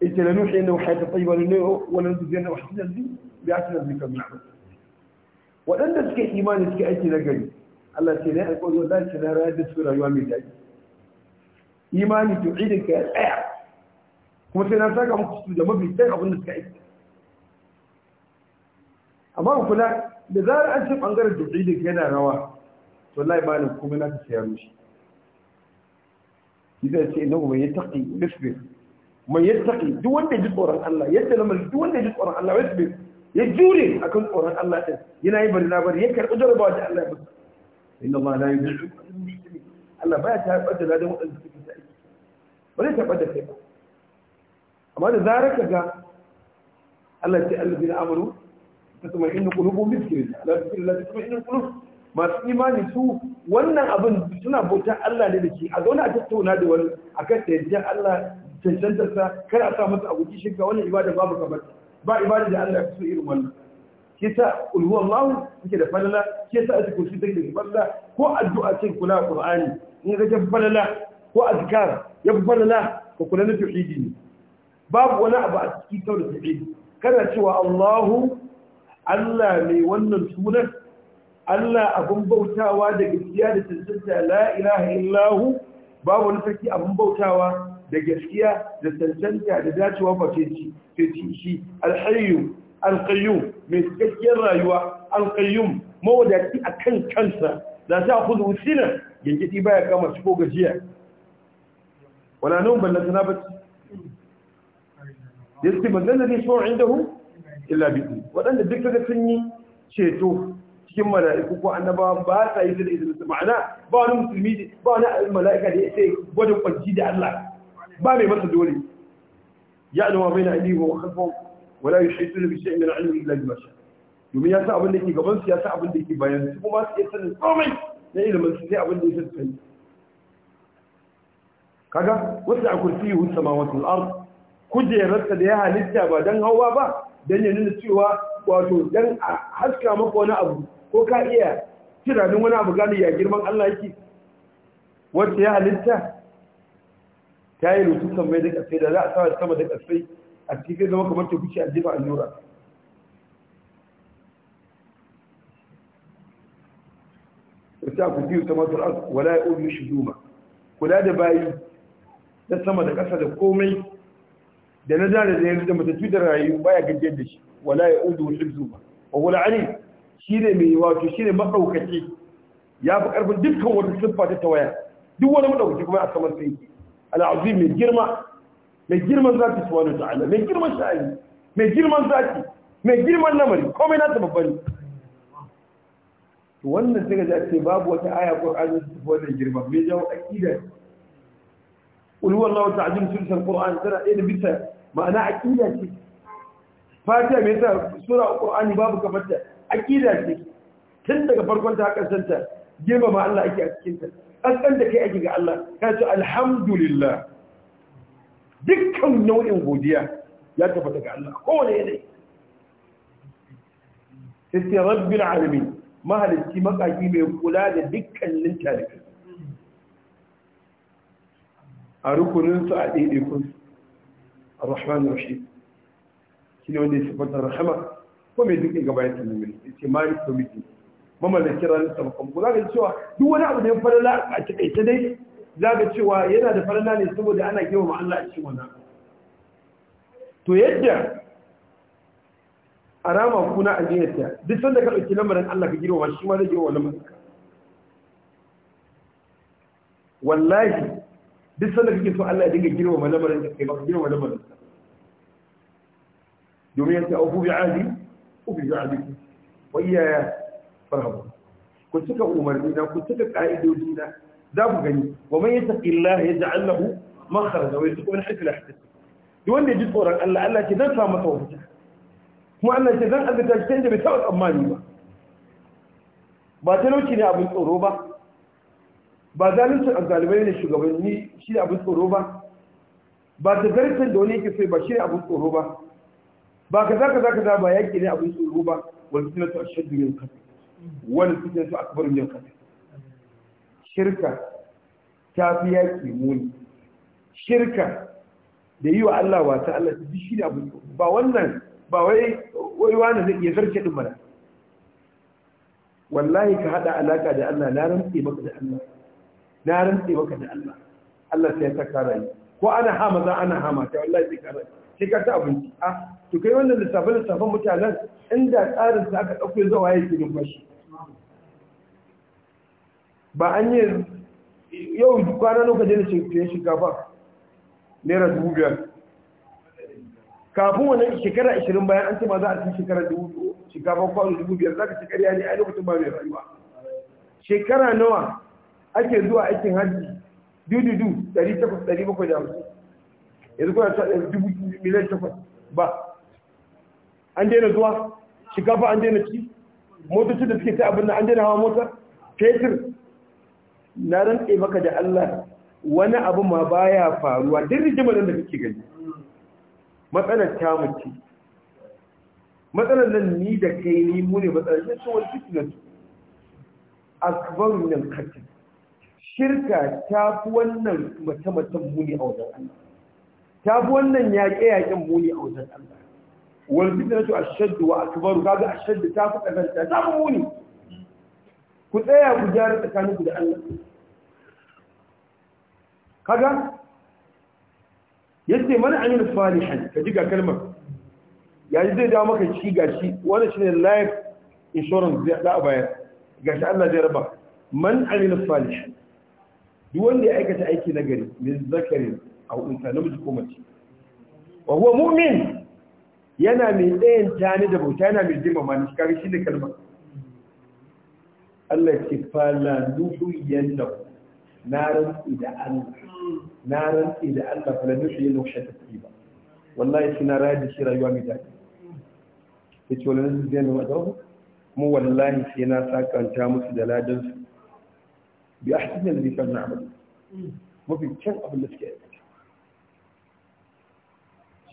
ita lalu shi yana hu hayata tsayi wani ne wani zuwa yana hu hayata zai bai ake na zai kan na'amata waɗanda suke imani suke aiki na gari Allah ce ne alƙawari wallahi ce na rayar da su rayuwa mai daɗi imani to idin ka ya tsaya kuma sai na saka muku su da mafi tsayin abin da suka aiki amma ku kula da zarar an ce bangaren to idin ka yana rawa to wallahi ba nan kuma na ka sayar mishi idan ce innahu man yattaqi yasbir mai yattaqi duk wanda ya ji tsoron Allah yadda lamarin duk wanda ya ji tsoron Allah yasbir ya jure a kan tsoron Allah ɗin. yana yi bari na bari ya karɓi jarabawa da Allah ya masa inna ma la yudhi'u Allah baya ta haɓar da ladan waɗanda suke ta aiki ba zai taɓar da kai ba amma da zarar ka ga Allah ce Allah bin amanu ta tuma inna qulubum bi dhikrillah la dhikrillah ta tuma inna qulub masu imani su wannan abin suna bautar Allah ne da ke. a zauna a tattauna da wani a kan tsayayyar Allah cancantar sa kar a sa masa abuki shirka wannan ibada babu kamar ta ba ibada da Allah ya so irin wannan kisa ulhu Allah take da falala sa a cikin take da falala ko addu'a ce kula Qur'ani in ga falala ko azkar ya falala ko kula na tauhidi ne babu wani abu a cikin tauhid tauhidi kana cewa Allahu Allah mai wannan sunan Allah abun bautawa da gaskiya da tantance la ilaha illahu babu wani sarki abun bautawa da gaskiya da tantanta da dacewa face shi alhayyu alqayyum mai cikakkiyar rayuwa alqayyum a kan kansa la ta khudhu usina gangidi baya kama su ko gajiya wala nun balla tanabat yasti bazalla ne so indahu illa bi wadanda duk kaga sun yi ceto cikin mala'iku ko annabawa ba sa yi da izinin ma'ana ba wani musulmi ba wani mala'ika da ya ce gwada kwanci da Allah ba mai masa dole ya alama bai na ainihin wa kalfon wala yi shaitu na bishiyar ina alimin ila Masha? domin ya sa abin da ke gaban su ya sa abin da ke bayan su kuma su iya sanin komai na ilimin su sai abin da ya sa su kaga wasu a akwai yi hutsa sama wasu al'ar kujerarsa da ya halitta ba don hawa ba don ya nuna cewa wato don a haska maka wani abu ko ka iya tiranin wani abu gani ya girman Allah yake wacce ya halitta ta yi rutu kan mai da kasai da za a sama sama da kasai a cikin zama kamar ta kuce a jefa allura ta ku biyu sama da al'ad wala ya obi shi duma kula da bayi na sama da kasa da komai da na zara da yanzu da matattu da rayu baya gajiyar da shi wala ya obi wasu zuma wa wala ali shi ne mai wato shi ne maɗaukaci ya fi ƙarfin dukkan wata siffa ta tawaya duk wani maɗaukaci kuma a saman sai al'azim mai girma mai girman zaki su wani ta'ala mai girman sha'ani mai girman zaki mai girman namari komai na ta babban wannan sai ga babu wata aya ko ayoyi su wani girma mai jawo aqida qul huwallahu ta'ala sunan qur'an tana ɗaya da bisa ma'ana aƙida ce Fatiya mai ta sura qur'ani babu kamar ta aƙida ce tun daga farkon ta haka santa girma ma Allah ake a cikin ta ƙasƙan da kai aiki ga Allah ka ce alhamdulillah dukkan nau'in godiya ya tabbata ga Allah kowane yanayi sai rabbin alamin mahalicci makaki mai kula da dukkanin tarihi a rukuninsu a ɗaiɗaikunsu a rahman rashi shi ne wanda ya sifanta rahama ko mai duk gaba ya tunan mai ce malik committee mamallakin ranar sakamako za ka cewa duk wani abu da ya falala a cikaita dai za ka cewa yana da falala ne saboda ana ma Allah a cikin wannan to yadda rama kuna jiyarta duk sanda ka ɗauki lamarin Allah ka girmama shi ma zai girmama lamarin ka wallahi duk sanda kake so Allah ya dinga girmama lamarin ka kai ba ka girmama lamarin ka domin ya a auku a adi ku a adi wa iyaya farhabu ku cika umarni na ku cika ka'idoji na za ku gani wa man yattaqillaha yaj'al lahu makhraja wa yarzuqhu min haythu la yahtasib duk wanda ji tsoron Allah Allah ce zan samu masa kuma Allah ce zan azurta shi tunda bai taɓa tsammani ba ba talauci ne abin tsoro ba ba zalunci a zalibai ne shugabanni shi ne abin tsoro ba ba ta tagarcin da wani yake sai ba shi ne abin tsoro ba ba ka za ka za ka za ba yaƙi ne abin tsoro ba wani suna ta shaddu yin kasa wani fitan su akbar yin kafir shirka ta fi yaƙi muni shirka da yi wa Allah ta Allah su shi ne abu ba wannan ba wai wai wani zai iya zarce din mara wallahi ka haɗa alaƙa da Allah na rantse maka da Allah na rantse maka da Allah Allah sai ta kara yi ko ana hama za ana hama, ta wallahi sai kara sai ka ta abinci a ah, to kai wannan lissafin lissafin mutanen inda tsarin sa aka ɗauke zuwa yake numfashi ba an yi yau kwanan lokacin da cikin shinkafa naira dubu biyar kafin wani shekara ashirin bayan an cima za a cikin shekara dubu shinkafa kwano dubu biyar za ka ci karya ne a lokacin ba mai rayuwa shekara nawa ake zuwa aikin hajji dududu ɗari takwas ɗari bakwai da hamsin yanzu kuna ta ɗari dubu miliyan takwas ba an daina zuwa shinkafa an daina ci motocin da suke ta abin da an daina hawa mota fetur na rantse maka da Allah wani abu ma baya faruwa duk rijimanin da kake gani matsalar ta mutu matsalar nan ni da kai ni mu ne matsalar shi so wani fitnatu akbar min katin shirka ta fi wannan mace-macen ne a wajen Allah ta fi wannan yaƙe-yaƙen ne a wajen Allah wani to ashaddu wa akbar kaga ashaddu ta fi ƙazanta ta fi ne. ku tsaya ku gyara tsakaninku da Allah kaga yace man amil salihan ka ji ga kalmar yayi zai dawo maka shi gashi wannan shine life insurance da a bayar gashi Allah zai raba man amil salihan duk wanda ya aikata aiki na gari min zakari a unta namiji ko mace wa huwa mu'min yana mai tsayin tani da bauta yana mai jima ma ni kaga ne kalmar Allah ce fala nuhiyan lahu na rantsi da Allah na rantsi da Allah fala nuhiyan lahu shatakiba wallahi suna rayar da shi rayuwa mai daɗi ya ce wani nasu zai nuna zaune mu wallahi sai na sakanta musu da ladansu bi a cikin da zifar na abu mafi can abin da suke aikata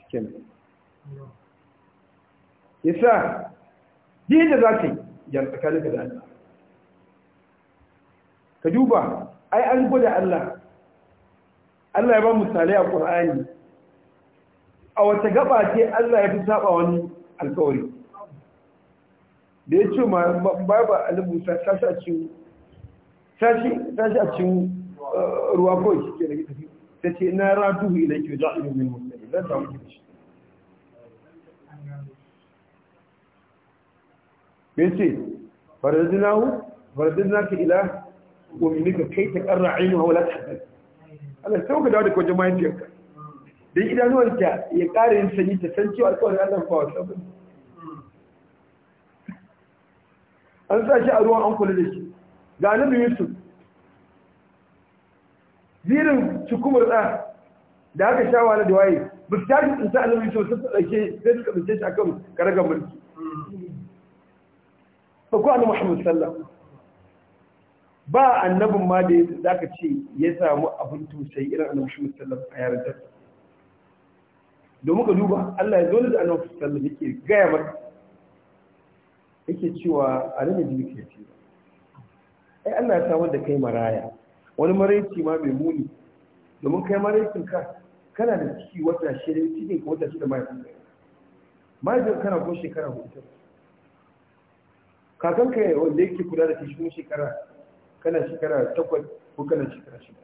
cikin yasa yi da za ka yi yan tsakanin da Allah ka duba ai an gwada Allah Allah ya ba misali a Qur'ani a wata gaba ce Allah ya fi saba wani alƙawari da ya ce ma baba alibu sashi a cikin sashi sashi a cikin eh, ruwa kawai shi ke da tafi ta ce na ratu idan ke da a yi min musulmi ta wuce ke shi ya ce farzinahu farzina ka ila mu'mininka kai ta karra ainihin wala ta Allah sai ka dawo da kwajen mahaifiyarka dan idanuwarta ya ƙara yin sanyi ta san cewa alƙawarin Allah wasa ba an sa shi a ruwan an kula da shi ga annabi Yusuf zirin cikumar ɗa da aka sha wani da waye ba su tashi tsinta annabi Yusuf sun tsarake sai suka tsince shi akan mulki ba ko annabi Muhammad sallallahu ba annabin ma da za ka ce ya samu abin tausayi irin annabin shi musallam a yaran ta domin ka duba Allah ya zo da shi musallam yake gaya mata yake cewa a nan jini ke ce ai Allah ya samar da kai maraya wani maraici ma mai muni domin kai maraicin ka kana da ciki wata shirin cikin ka wata shida mahaifin ka mahaifin kana ko shekara hudu kakan ka wanda yake kula da shi shekara kana shekara takwas ko kana shekara shida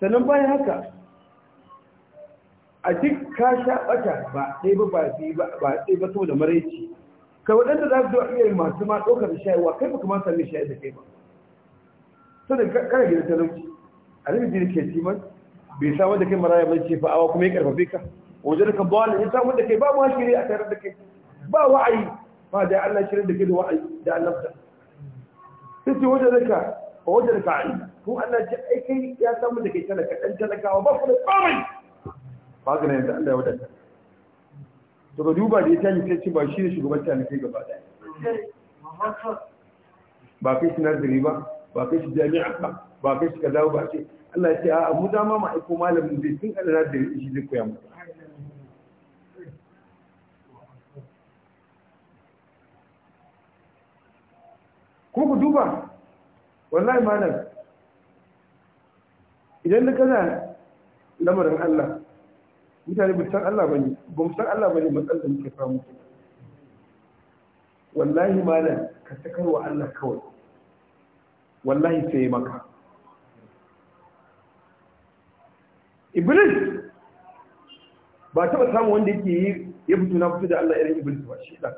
sannan bayan haka a duk ka sha bata ba ɗaya ba ba ɗaya ba saboda maraici ka waɗanda za su zo iya masu ma ɗaukar shayarwa kai ba kamar sami shayar da kai ba sannan kana gina talauci a nan jini ke timar bai samar da kai maraya mai ce fa'awa kuma ya karfafe ka wajen da ka bawa da ya samar da kai ba mu shiri a tare da kai ba wa'ayi ba da Allah shirin da ke da wa'ayi da annabta sai ce wajen zaka a wajen ka ayi ko Allah ce ai kai ya samu da kai talaka dan talakawa ba ku da komai ba ga nan da Allah ya wadata to ga duba da ita ne sai ce ba shi ne shugaban ta ne kai gaba daya ba kai shi nazari ba ba kai shi jami'a ba ba kai shi kaza ba ce Allah ya ce a mu dama ma aiko malamin zai tun Allah da shi zai koya mu ko ku duba wallahi malam idan da kana lamarin Allah mutane bisan Allah bane ba mu san Allah bane matsalar da muke samu wallahi malam ka sakar wa Allah kawai wallahi sai maka Iblis ba taɓa samun wanda yake yi ya fito na fito da Allah irin Iblis ba shi da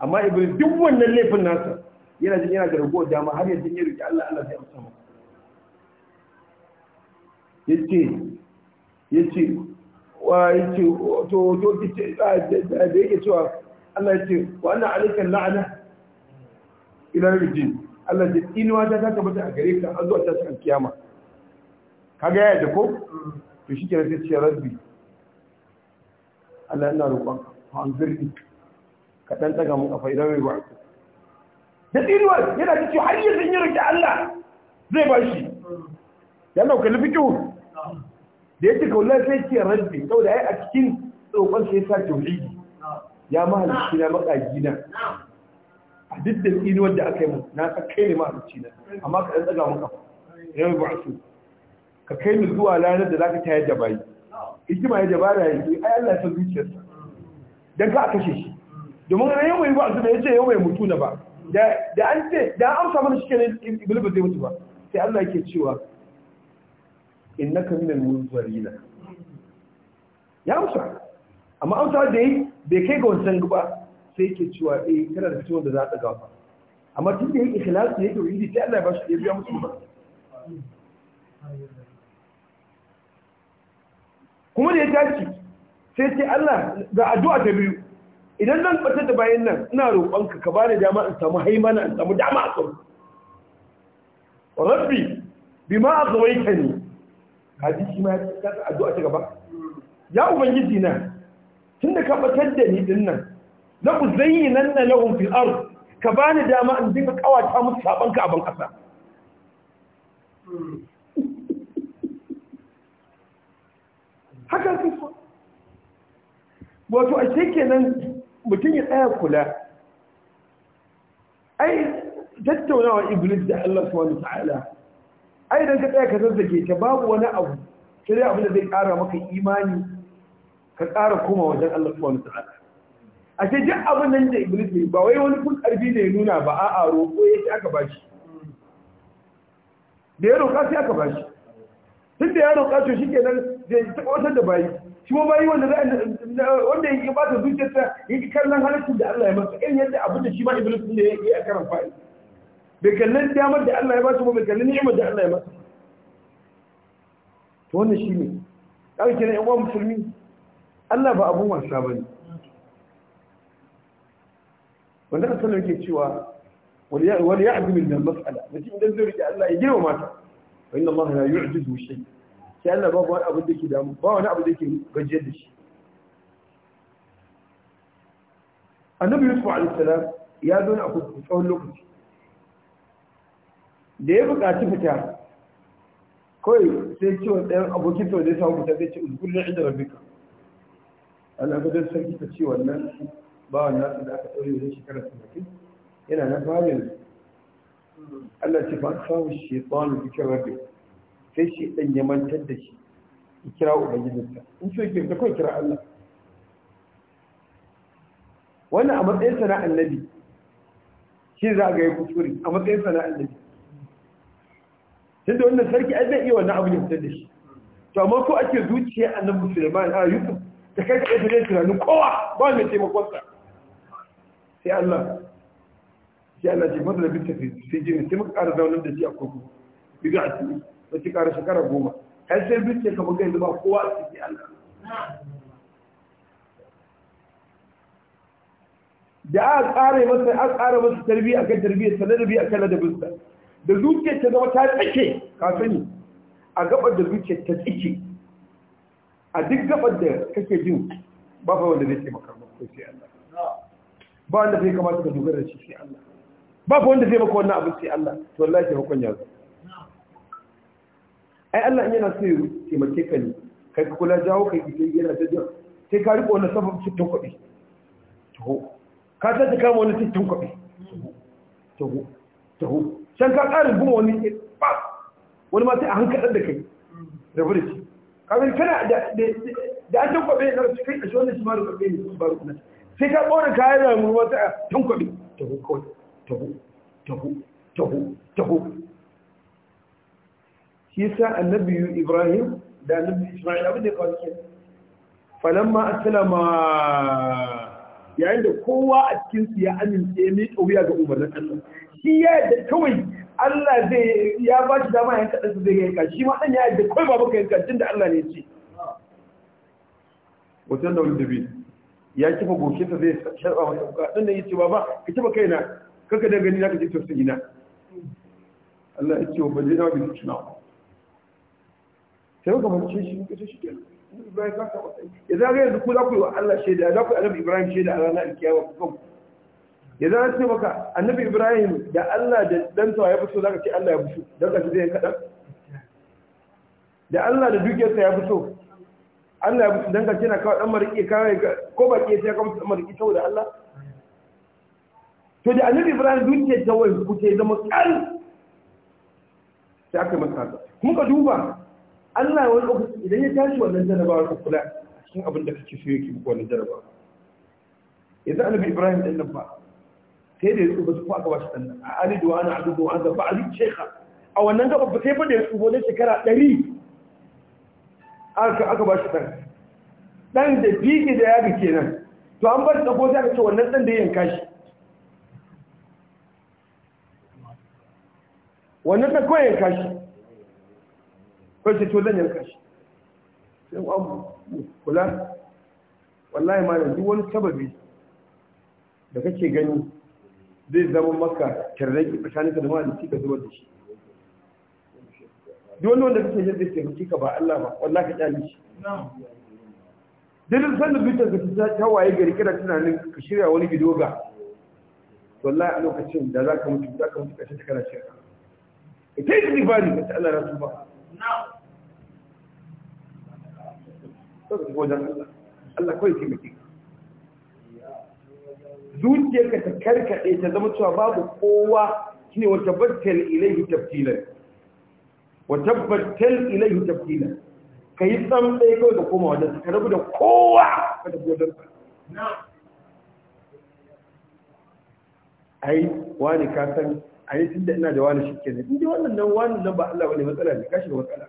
amma iblis duk wannan laifin nasa yana jin yana da ragowar dama har yanzu ya rike Allah Allah sai amsa masa yace yace wa yace to to da yake cewa Allah yace wa anna alayka la'na ila rijin Allah ya inuwa ta ta tabbata a gare ka zuwa ta san kiyama kaga ya da ko to shikenan sai ce rabbi Allah ina roƙon an anzirni ka dan daga mun kafa idan bai ba da tsinuwar yana da cewa har zan yi roki Allah zai ba shi yana ka lufi kiwu da ce ka wallahi sai ke rabbi saboda yi a cikin tsohon sai sa tauhidi ya mahalicci na makaji na a duk da tsinuwar da aka yi mu na sa kai ne mahalicci na amma ka dan daga mun kafa idan ba su ka kai ni zuwa ranar da ka ta da bayi hikima ya dabara ya yi ai Allah ya san zuciyarsa dan ka a kashe shi domin an yawai ba su da ya ce yawai mutu na ba da an ce da an amsa mana shi kenan iblis ba zai mutu ba sai Allah ke cewa in na innaka minal munzarina ya amsa amma amsa da yi bai kai ga wancan ba sai ke cewa eh kanar da fitowar da za ta gafa amma tun da yi ikhlasi yake wuri sai Allah ya ba shi ya biya mutu ba kuma da ya tashi sai sai Allah ga addu'a ta biyu idan zan ɓata da bayan nan ina roƙonka ka bani dama in samu haimana in samu dama a tsoro rabbi bi ma a ne haji shi ma ya tsaka addu'a ta gaba ya ubangiji na tun da ka ɓatar da ni din nan na ku zayyinan na lahun fil ard ka bani dama in dinga kawata musu sabanka a ban ƙasa haka su wato a shekenan mutum ya tsaya kula ai tattaunawa iblis da Allah subhanahu ta'ala ai dan ka tsaya ka zazzake ta babu wani abu sai abin da zai ƙara maka imani ka ƙara koma wajen Allah subhanahu ta'ala a ce duk abin nan da iblis ne ba wai wani kun karfi ne nuna ba a'a roƙo ya ce aka bashi da ya roƙa sai aka bashi tun da ya roƙa to shikenan zai taɓa wasan da bayi shi ba yi wanda za wanda yake ta zuciyarsa yake kallon halittun da Allah ya masa irin yadda abin da shi ma iblis ne yi a karan fa'i bai kallon damar da Allah ya ba shi ba bai kallon ni'imar da Allah ya masa to wannan ne, ɗan kira yan uwa musulmi Allah ba abun wasa ne. wanda sanar ke cewa wal ya'zim al mas'ala mutum idan zai riƙe Allah ya girma mata fa inna Allah sai Allah ba wani abin da ke damu ba wani abin da ke gajiyar da shi annabi yusuf alaihissalam ya zo a kusa tsawon lokaci da ya buƙaci fita kawai sai ciwon ɗayan abokin sau da ya samu fita zai ce ulkullin inda rabbika Allah ga don sarki ta ce wannan ba wannan da aka ɗaure wajen shekara talatin yana na bayan Allah ce ba samun ba da kyau rabbika sai shi dan ya mantar da shi ya kira ubangijinsa in so yake da kawai kira Allah wannan a matsayin sana annabi shi za ga yi kuskure a matsayin sana annabi tunda wannan sarki an zai iya wannan abu ya fitar da shi to amma ko ake zuciya annabi Sulaiman a ah, Yusuf ta kai ka ɗaya tunanin kowa ba mai taimakonsa sai Allah sai Allah ce mazalabin tafi sai jini sai muka ƙara zaunar da shi a koko biga a cikin ba ci ƙara shekara goma kai sai bincin ka buga yanzu ba kowa a ke Allah da aka ƙare masa aka ƙara masa tarbiyya akan tarbiyyar sa ladabi akan ladabin sa da zuciyar ta zama ta tsake ka sani a gabar da zuciyar ta tsike a duk gabar da kake jin ba fa wanda zai taimaka maka sai Allah ba wanda zai kamata ka dogara da shi sai Allah ba fa wanda zai maka wannan abin sai Allah to wallahi taimakon ya zo ai Allah in yana so ya taimake ka ne kai ka kula jawo kai ki yana ta jiya sai ka riko wannan sabon cikin kwabi to ka ta ta kama wani cikin kwabi to to san ka ƙarin bin wani eh, ba wani ma sai a hankalar da kai rabu da shi kamar kana da an tankwabe na su kai a shi wannan shi ma da kwabe ne su ba rukunan sai ka ɓaura kayan ramuwa ta tankwabe to kawai to taho to taho Kisa, annabi Ibrahim da annabi Isma'il abin da ya faru ke falamma aslama yayin da kowa a cikin su ya amince ya miƙa wuya ga umarnin Allah shi ya yadda kawai Allah zai ya ba shi dama yanka ɗansa zai yanka shi ma ɗan ya yadda kawai babu ka yanka tun da Allah ne ce wajen da wani dabi ya kifa goshinsa zai sharɓa masa kuka ɗan nan ya ce ba ka kifa kaina kaka da gani na ka ce tausayi na Allah ya ce wa bajina wa bi tuna sai ka mance shi ka ce shi ke Ibrahim ka saba ya zaga yanzu ku za ku yi wa Allah shaida za ku yi annabi Ibrahim shaida a ranar alkiyama ku kanku ya zaga ce maka annabi Ibrahim da Allah da danta ya fito za ka ce Allah ya fito don ka ji zai kaɗan da Allah da dukiyarsa ya fito Allah ya fito don ka ce na kawai ɗan mariki kawai ko ba ke sai ka mutu ɗan mariki saboda Allah to da annabi Ibrahim dukiyar ta wai ku ce zama ƙari sai aka yi masa haka kuma ka duba Allah wani lokaci idan ya tashi wannan jarabawa ka kula a cikin abin da kake so yake muku wannan jarabawa yanzu annabi Ibrahim din nan ba sai da ya tsufa su aka ba shi dan nan a ali da wani abu da wani ba ali sheikha a wannan gaba ba sai ba da ya tsufa ne shekara 100 aka aka ba shi dan dan da biki da yaga kenan to an bar tsako sai aka ce wannan dan da ya yanka shi wannan ta kawai yanka shi kawai ce to zan yanka shi sai an kula wallahi ma da duk wani sababi da kake gani zai zama maka tarraki tsakanin ka da ma da shi ka zubar da shi duk wani wanda kake yadda ke hukunci ka ba Allah ba wallahi ka kyale shi dalil sanin bitar ka ta waye gari kana tunanin ka shirya wani bidoga wallahi a lokacin da za ka mutu za ka mutu kashin ta kana shirka ita yi zibari ka ta Allah rasu ba sau ka wajen Allah Allah kawai ke maki zuciyarka ta karkaɗe ta zama cewa babu kowa shine wata battal ilaihi taftilan wata battal ilaihi taftilan ka yi tsamtsaye kawai ka koma wajen ka rabu da kowa ka tafi wajen ka ai wani ka san ai tunda ina da wani shi kenan inda wannan nan wani nan ba Allah bane matsala ne kashi da matsala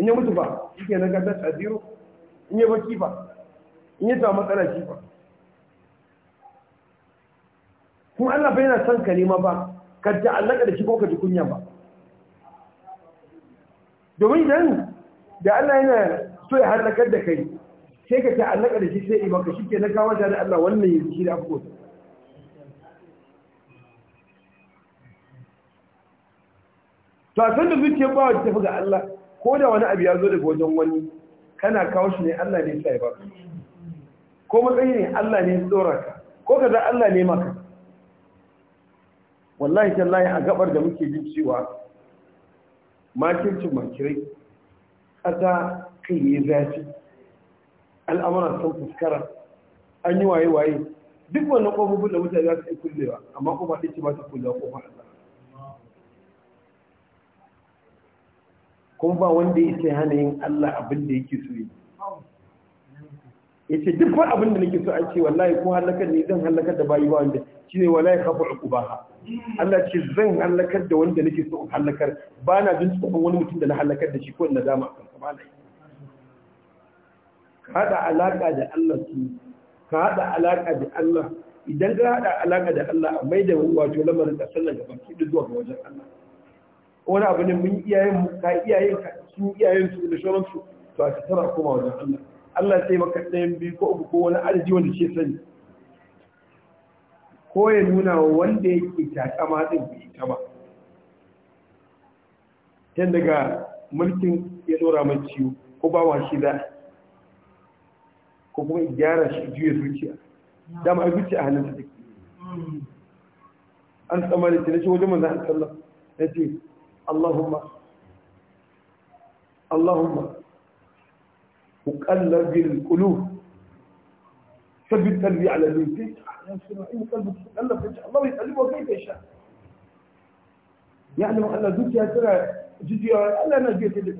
in ya mutu ba shi ke nan gasar a zero in yi baki ba in yi samu matsala shi ba kuma Allah bai na son ka nema ba ka ta'allaka da shi ko ka ji kunya ba domin idan da Allah yana so ya halakar da kai sai ka ta'allaka da shi sai ima ka shi ke na kawo da Allah wannan yi shi da abubuwa to a san da zuciyar bawa ta tafi ga Allah ko da wani abu ya zo daga wajen wani kana kawo shi ne Allah ne sai ba ko matsayi ne Allah ne tsora ka ko kaza Allah ne maka wallahi tallahi a gabar da muke jin cewa makincin makirai ƙasa kai ne zafi al'amuran sun fuskara an yi waye-waye duk wannan kofofin da mutane za su yi kullewa amma kuma ɗin ce ba su kullewa kofar Allah kuma ba wanda ya ce hana yin Allah abin da yake so yi ya ce duk wani abin da nake so a ce wallahi ko halakar ne zan halakar da bayi ba wanda shi ne wallahi kafa uku ba Allah ce zan halakar da wanda nake so halakar ba na jin tsoron wani mutum da na halakar da shi ko na dama kan kama da ka haɗa alaƙa da Allah su ka haɗa alaƙa da Allah idan ka haɗa alaƙa da Allah a mai da wato lamarin ƙasar nan gaba ki zuwa ga wajen Allah wani abu ne mun iyayen mu ka iyayen ka su iyayen su da shoran su to a tattara koma wajen Allah Allah sai maka ɗayan biyu ko uku ko wani adadi wanda ke sani ko ya nuna wa wanda yake takama din bai ta ba tun daga mulkin ya dora mai ciwo ko ba wa shi za ko kuma gyara shi juya zuciya dama a zuciya a hannun da take an tsammanin ta na shi wajen manzan sallallahu ya ce اللهم اللهم مقلب القلوب ثبت قلبي على دينك إن قلبك تقلب إن شاء الله يقلبه كيف يشاء يعلم أن دوكيا ترى جديا ألا أنا جيت لك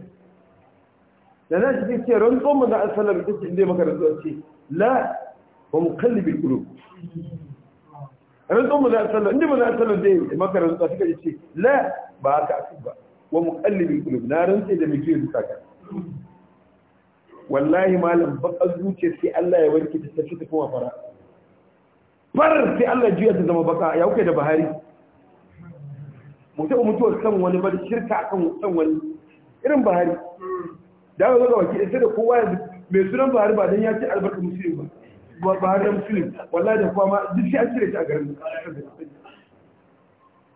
لأن أجد يسيرون قوم أنا أسلم تسعين دي مكان لا ومقلب القلوب mu manzan sallar inda manzan sallar zai maka rantsuwa suka ce la ba haka aka ba wa muqallibin qulub na rantsa da muke zukata wallahi malam bakar zuciya sai Allah ya warke ta tafi ta kuma fara farar sai Allah juya ta zama baka ya kuke da bahari mutum mutuwar san wani ba shirka akan san wani irin bahari da ga ga wakil sai da kowa mai sunan bahari ba dan ya ce albarka musulmi ba bahar muslim wallahi da kuma duk shi an cire shi a garin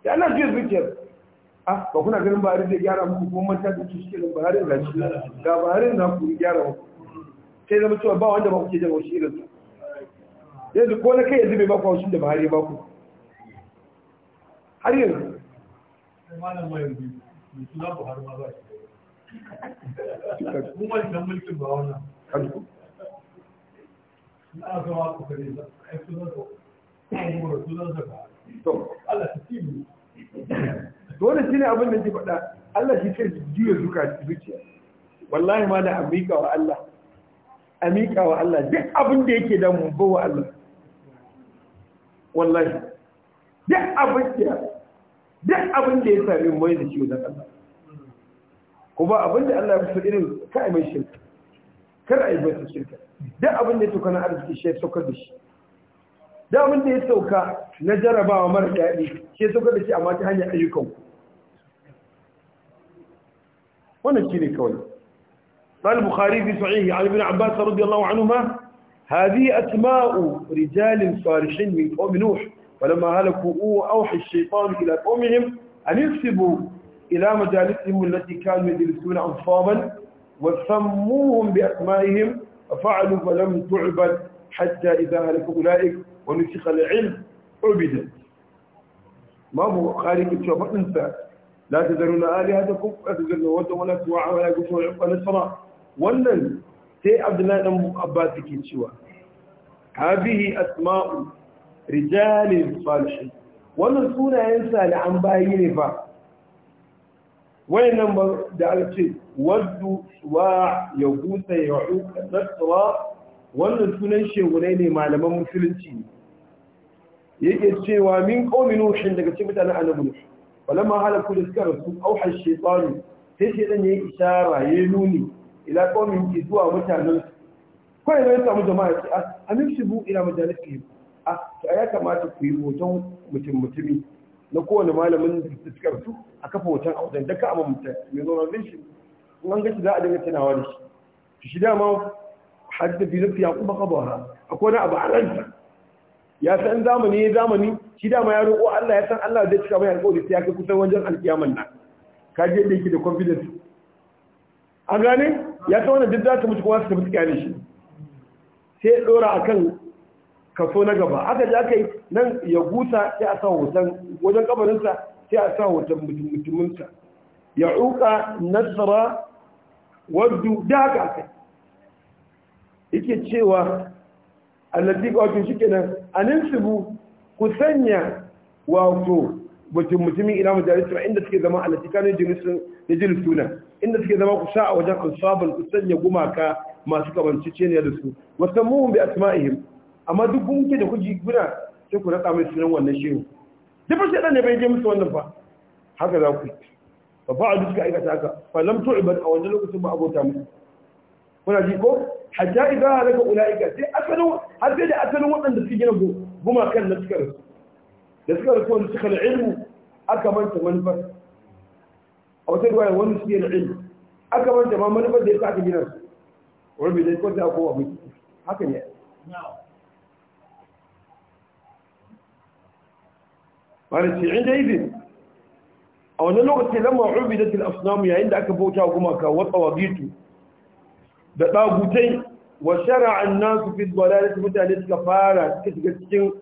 ya ana fiye zuciyar ah ba kuna ganin bahari zai gyara muku kuma manta da su shi bahari da shi ga bahari na ku gyara muku sai zama cewa ba wanda ba ku ke jama shi irin su yanzu ko na kai yanzu bai baku haushin da bahari ba ku har yanzu kuma idan mulkin ba wannan na aka wa ku kare za a yi sunan ku kuma da sunan zaka to Allah ta ci mu dole shi ne abin da ke faɗa Allah shi sai juya zuka zuciya wallahi ma da amika wa Allah amika wa Allah duk abin da yake da mu bawa Allah wallahi duk abin da duk abin da ya sami mai da shi wajen Allah kuma abin da Allah ya fi irin kai mai shirka kar a yi bautar shirka duk abin da ya sauka na arziki shi ya saukar da shi duk abin da ya sauka na jarabawa mara daɗi shi ya saukar da shi amma ta hanyar ayyukan wannan shi ne kawai قال البخاري في صحيحه عن ابن عباس رضي الله عنهما هذه أسماء رجال صالحين من قوم نوح فلما هلكوا أوحى الشيطان إلى قومهم أن يكسبوا إلى مجالسهم التي كانوا يجلسون أنصابا وسموهم بأسمائهم ففعلوا فلم تعبد حتى إذا هلك أولئك ونسخ العلم عبدت ما هو خارج الشعب انسى لا تذرون آلهتكم لا تذرون ودا ولا سواع ولا قصوع ولا صراع wannan sai abdullahi dan abbas yake cewa habihi asma'u rijalin salihin wannan sunayen salihan bayi ne fa wayannan da alce waddu wa ya gusa ya uka tattawa wannan sunan shegunai ne malaman musulunci yake cewa min qaumi nuhin daga cikin a annabi nuh falamma halaku da suka rasu auha shaytanu sai shaytan yayi isara ya yayi nuni ila qaumin ki zuwa mutanen kai ne samu jama'a ce a ah, amin shibu ila majalisi a ah, to ya kamata ku yi hoton mutum mutumi na kowane malamin da suka rasu a kafa hoton a wajen da ka amma mutum mai zo na shi an gashi za a dinga tunawa da shi shi dama hadda bi zafi yaqub qabaha akwai wani abu a ranta ya san zamani ya zamani shi dama ya roƙo Allah ya san Allah zai cika mai alƙawari sai ya kai kusan wajen alƙiyaman nan ka je da yake da confidence an gane ya san wannan duk za ta mutu kuma su tafi tsakanin shi sai ɗora dora akan kaso na gaba aka ji aka yi nan ya gusa sai a sa hoton wajen kabarinsa sai a sa hoton mutum ya uka nasara waddu da haka aka yake cewa allazi wato shikenan aninsibu ku sanya wato mutum mutumin ila majalisu inda suke zama allazi kana jinisun da suna. inda suke zama ku sha a wajen ansabul ku sanya gumaka masu ne da su wasammuhum bi asma'ihim amma duk gunke da kuji guna sai ku raka mai sunan wannan shehu duk ba shi ne bai je musu wannan ba haka za ku yi fa fa'alu suka aikata haka fa lam tu'bad a wannan lokacin ba abota musu kuna ji ko hatta idan halaka ulaika sai asalin har sai da asalin waɗanda suke gina guma kan na suka rasu da suka rasu wanda suka ilmu aka manta manufar a wata ruwaya wanda suke da ilmu aka manta ma manufar da ya sa aka gina su wani bai dai kwanta ko abin haka ne mara ce inda izini a wani lokaci lamma ubidatil asnam yayin da aka bauta gumaka wa tsawabitu da dagutai wa shar'a an-nas fi dhalalati mutane suka fara suka shiga cikin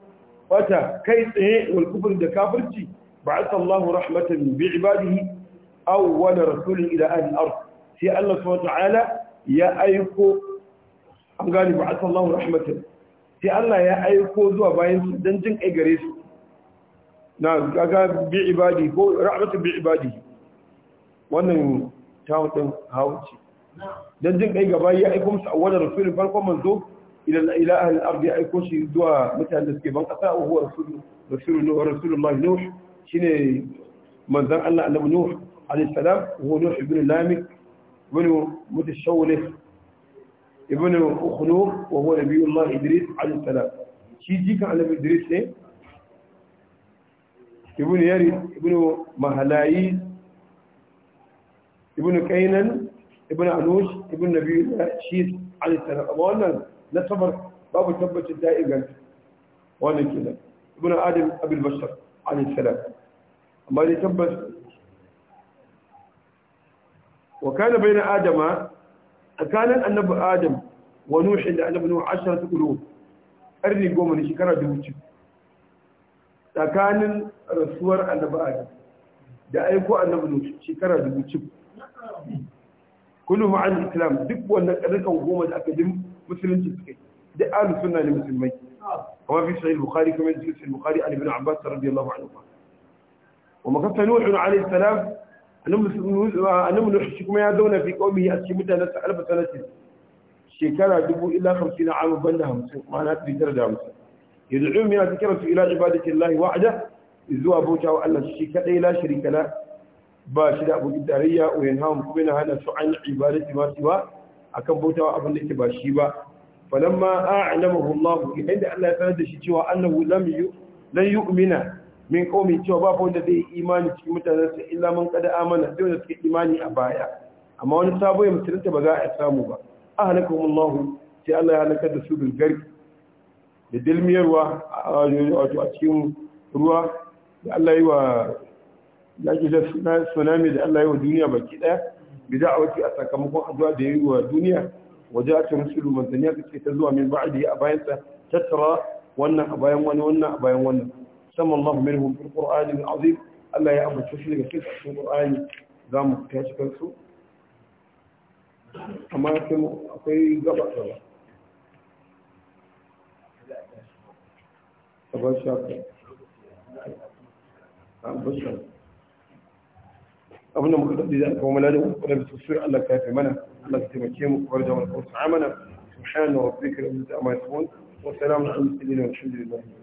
wata kai tsaye wal kufr da kafirci ba'atha sallahu rahmatan bi ibadihi awwal rasulin ila ahli al-ard sai Allah subhanahu wa ta'ala ya aiko an gani ba'atha sallahu rahmatan sai Allah ya aiko zuwa bayan su dan jin kai gare su na gaga bi ibadi ko rahmatu bi ibadi wannan tawon din hauci dan jin kai gaba ya aiko sa awwal rasul farkon manzo ila ila ahli al-ardi ay kushi du'a mutan da suke ban kasa wa huwa rasul rasul rasulullah nuh shine manzan Allah annabi nuh alayhi salam wa nuh ibn lamik ibn mutashawlih ibn ukhnuq wa huwa nabiyullah idris alayhi salam shi jikan annabi idris ne ibn yari ibn mahalayi ibn kainan ibn anush ibn nabi shi alisalam amma wannan na nasabar babu tabbacin ta inganta wannan kenan ibn adam abul bashar alisalam amma ne tabbas wa kana na adama tsakanin annabi adam wa nuhin da annabi nuh 10 qulub ƙarni goma ne shekara dubu cikin tsakanin rasuwar annabi adam da aiko annabi nuhu shekara dubu cif kullu ma'al islam duk wannan karkan goma da aka musulunci suke da ahlus sunna ne musulmai kama fi sahih bukhari kuma fi sahih bukhari an ibn abbas radiyallahu anhu wa makasa nuhu alayhi salam annabi nuhu shi kuma ya zauna fi qaumihi a cikin mutanen sa alfa sanatin shekara dubu ila 50 amu banda 50 da 350 yad'um yana kiransu ila ibadatillahi wahda zuwa bautawa Allah shi kadai la sharika la ba shi da abokin tarayya wa yanhahum kuma yana hana su an akan bautawa abin da yake ba shi ba falamma a'lamahu Allah inda Allah ya sanar da shi cewa annahu lam yu lan yu'mina min qaumi cewa ba wanda zai imani cikin mutanen sa illa man kada amana sai da suke imani a baya amma wani sabo ya mutunta ba za a samu ba ahlakum Allah sai Allah ya halaka da su bil gari. da dalmiyarwa wato a cikin ruwa da Allah yi wa yaki da tsunami da Allah yi wa duniya baki daya bi da awaki a sakamakon addu'a da yi wa duniya waje a cikin sulu manzaniya ka ce ta zuwa min ba'adi a bayan sa tattara wannan a bayan wani wannan a bayan wannan sama Allah minhum fil qur'anil azim Allah ya ambace shi daga cikin qur'ani zamu tashi kansu amma sai akwai gaba gaba abin da muka tafi da aka kuma lalata wadda su suri Allah ka fi mana Allah ta taimake mu kawar da wani kawar su amana subhanahu wa ta'ala wa salamun ala al-mursalin wa alhamdulillah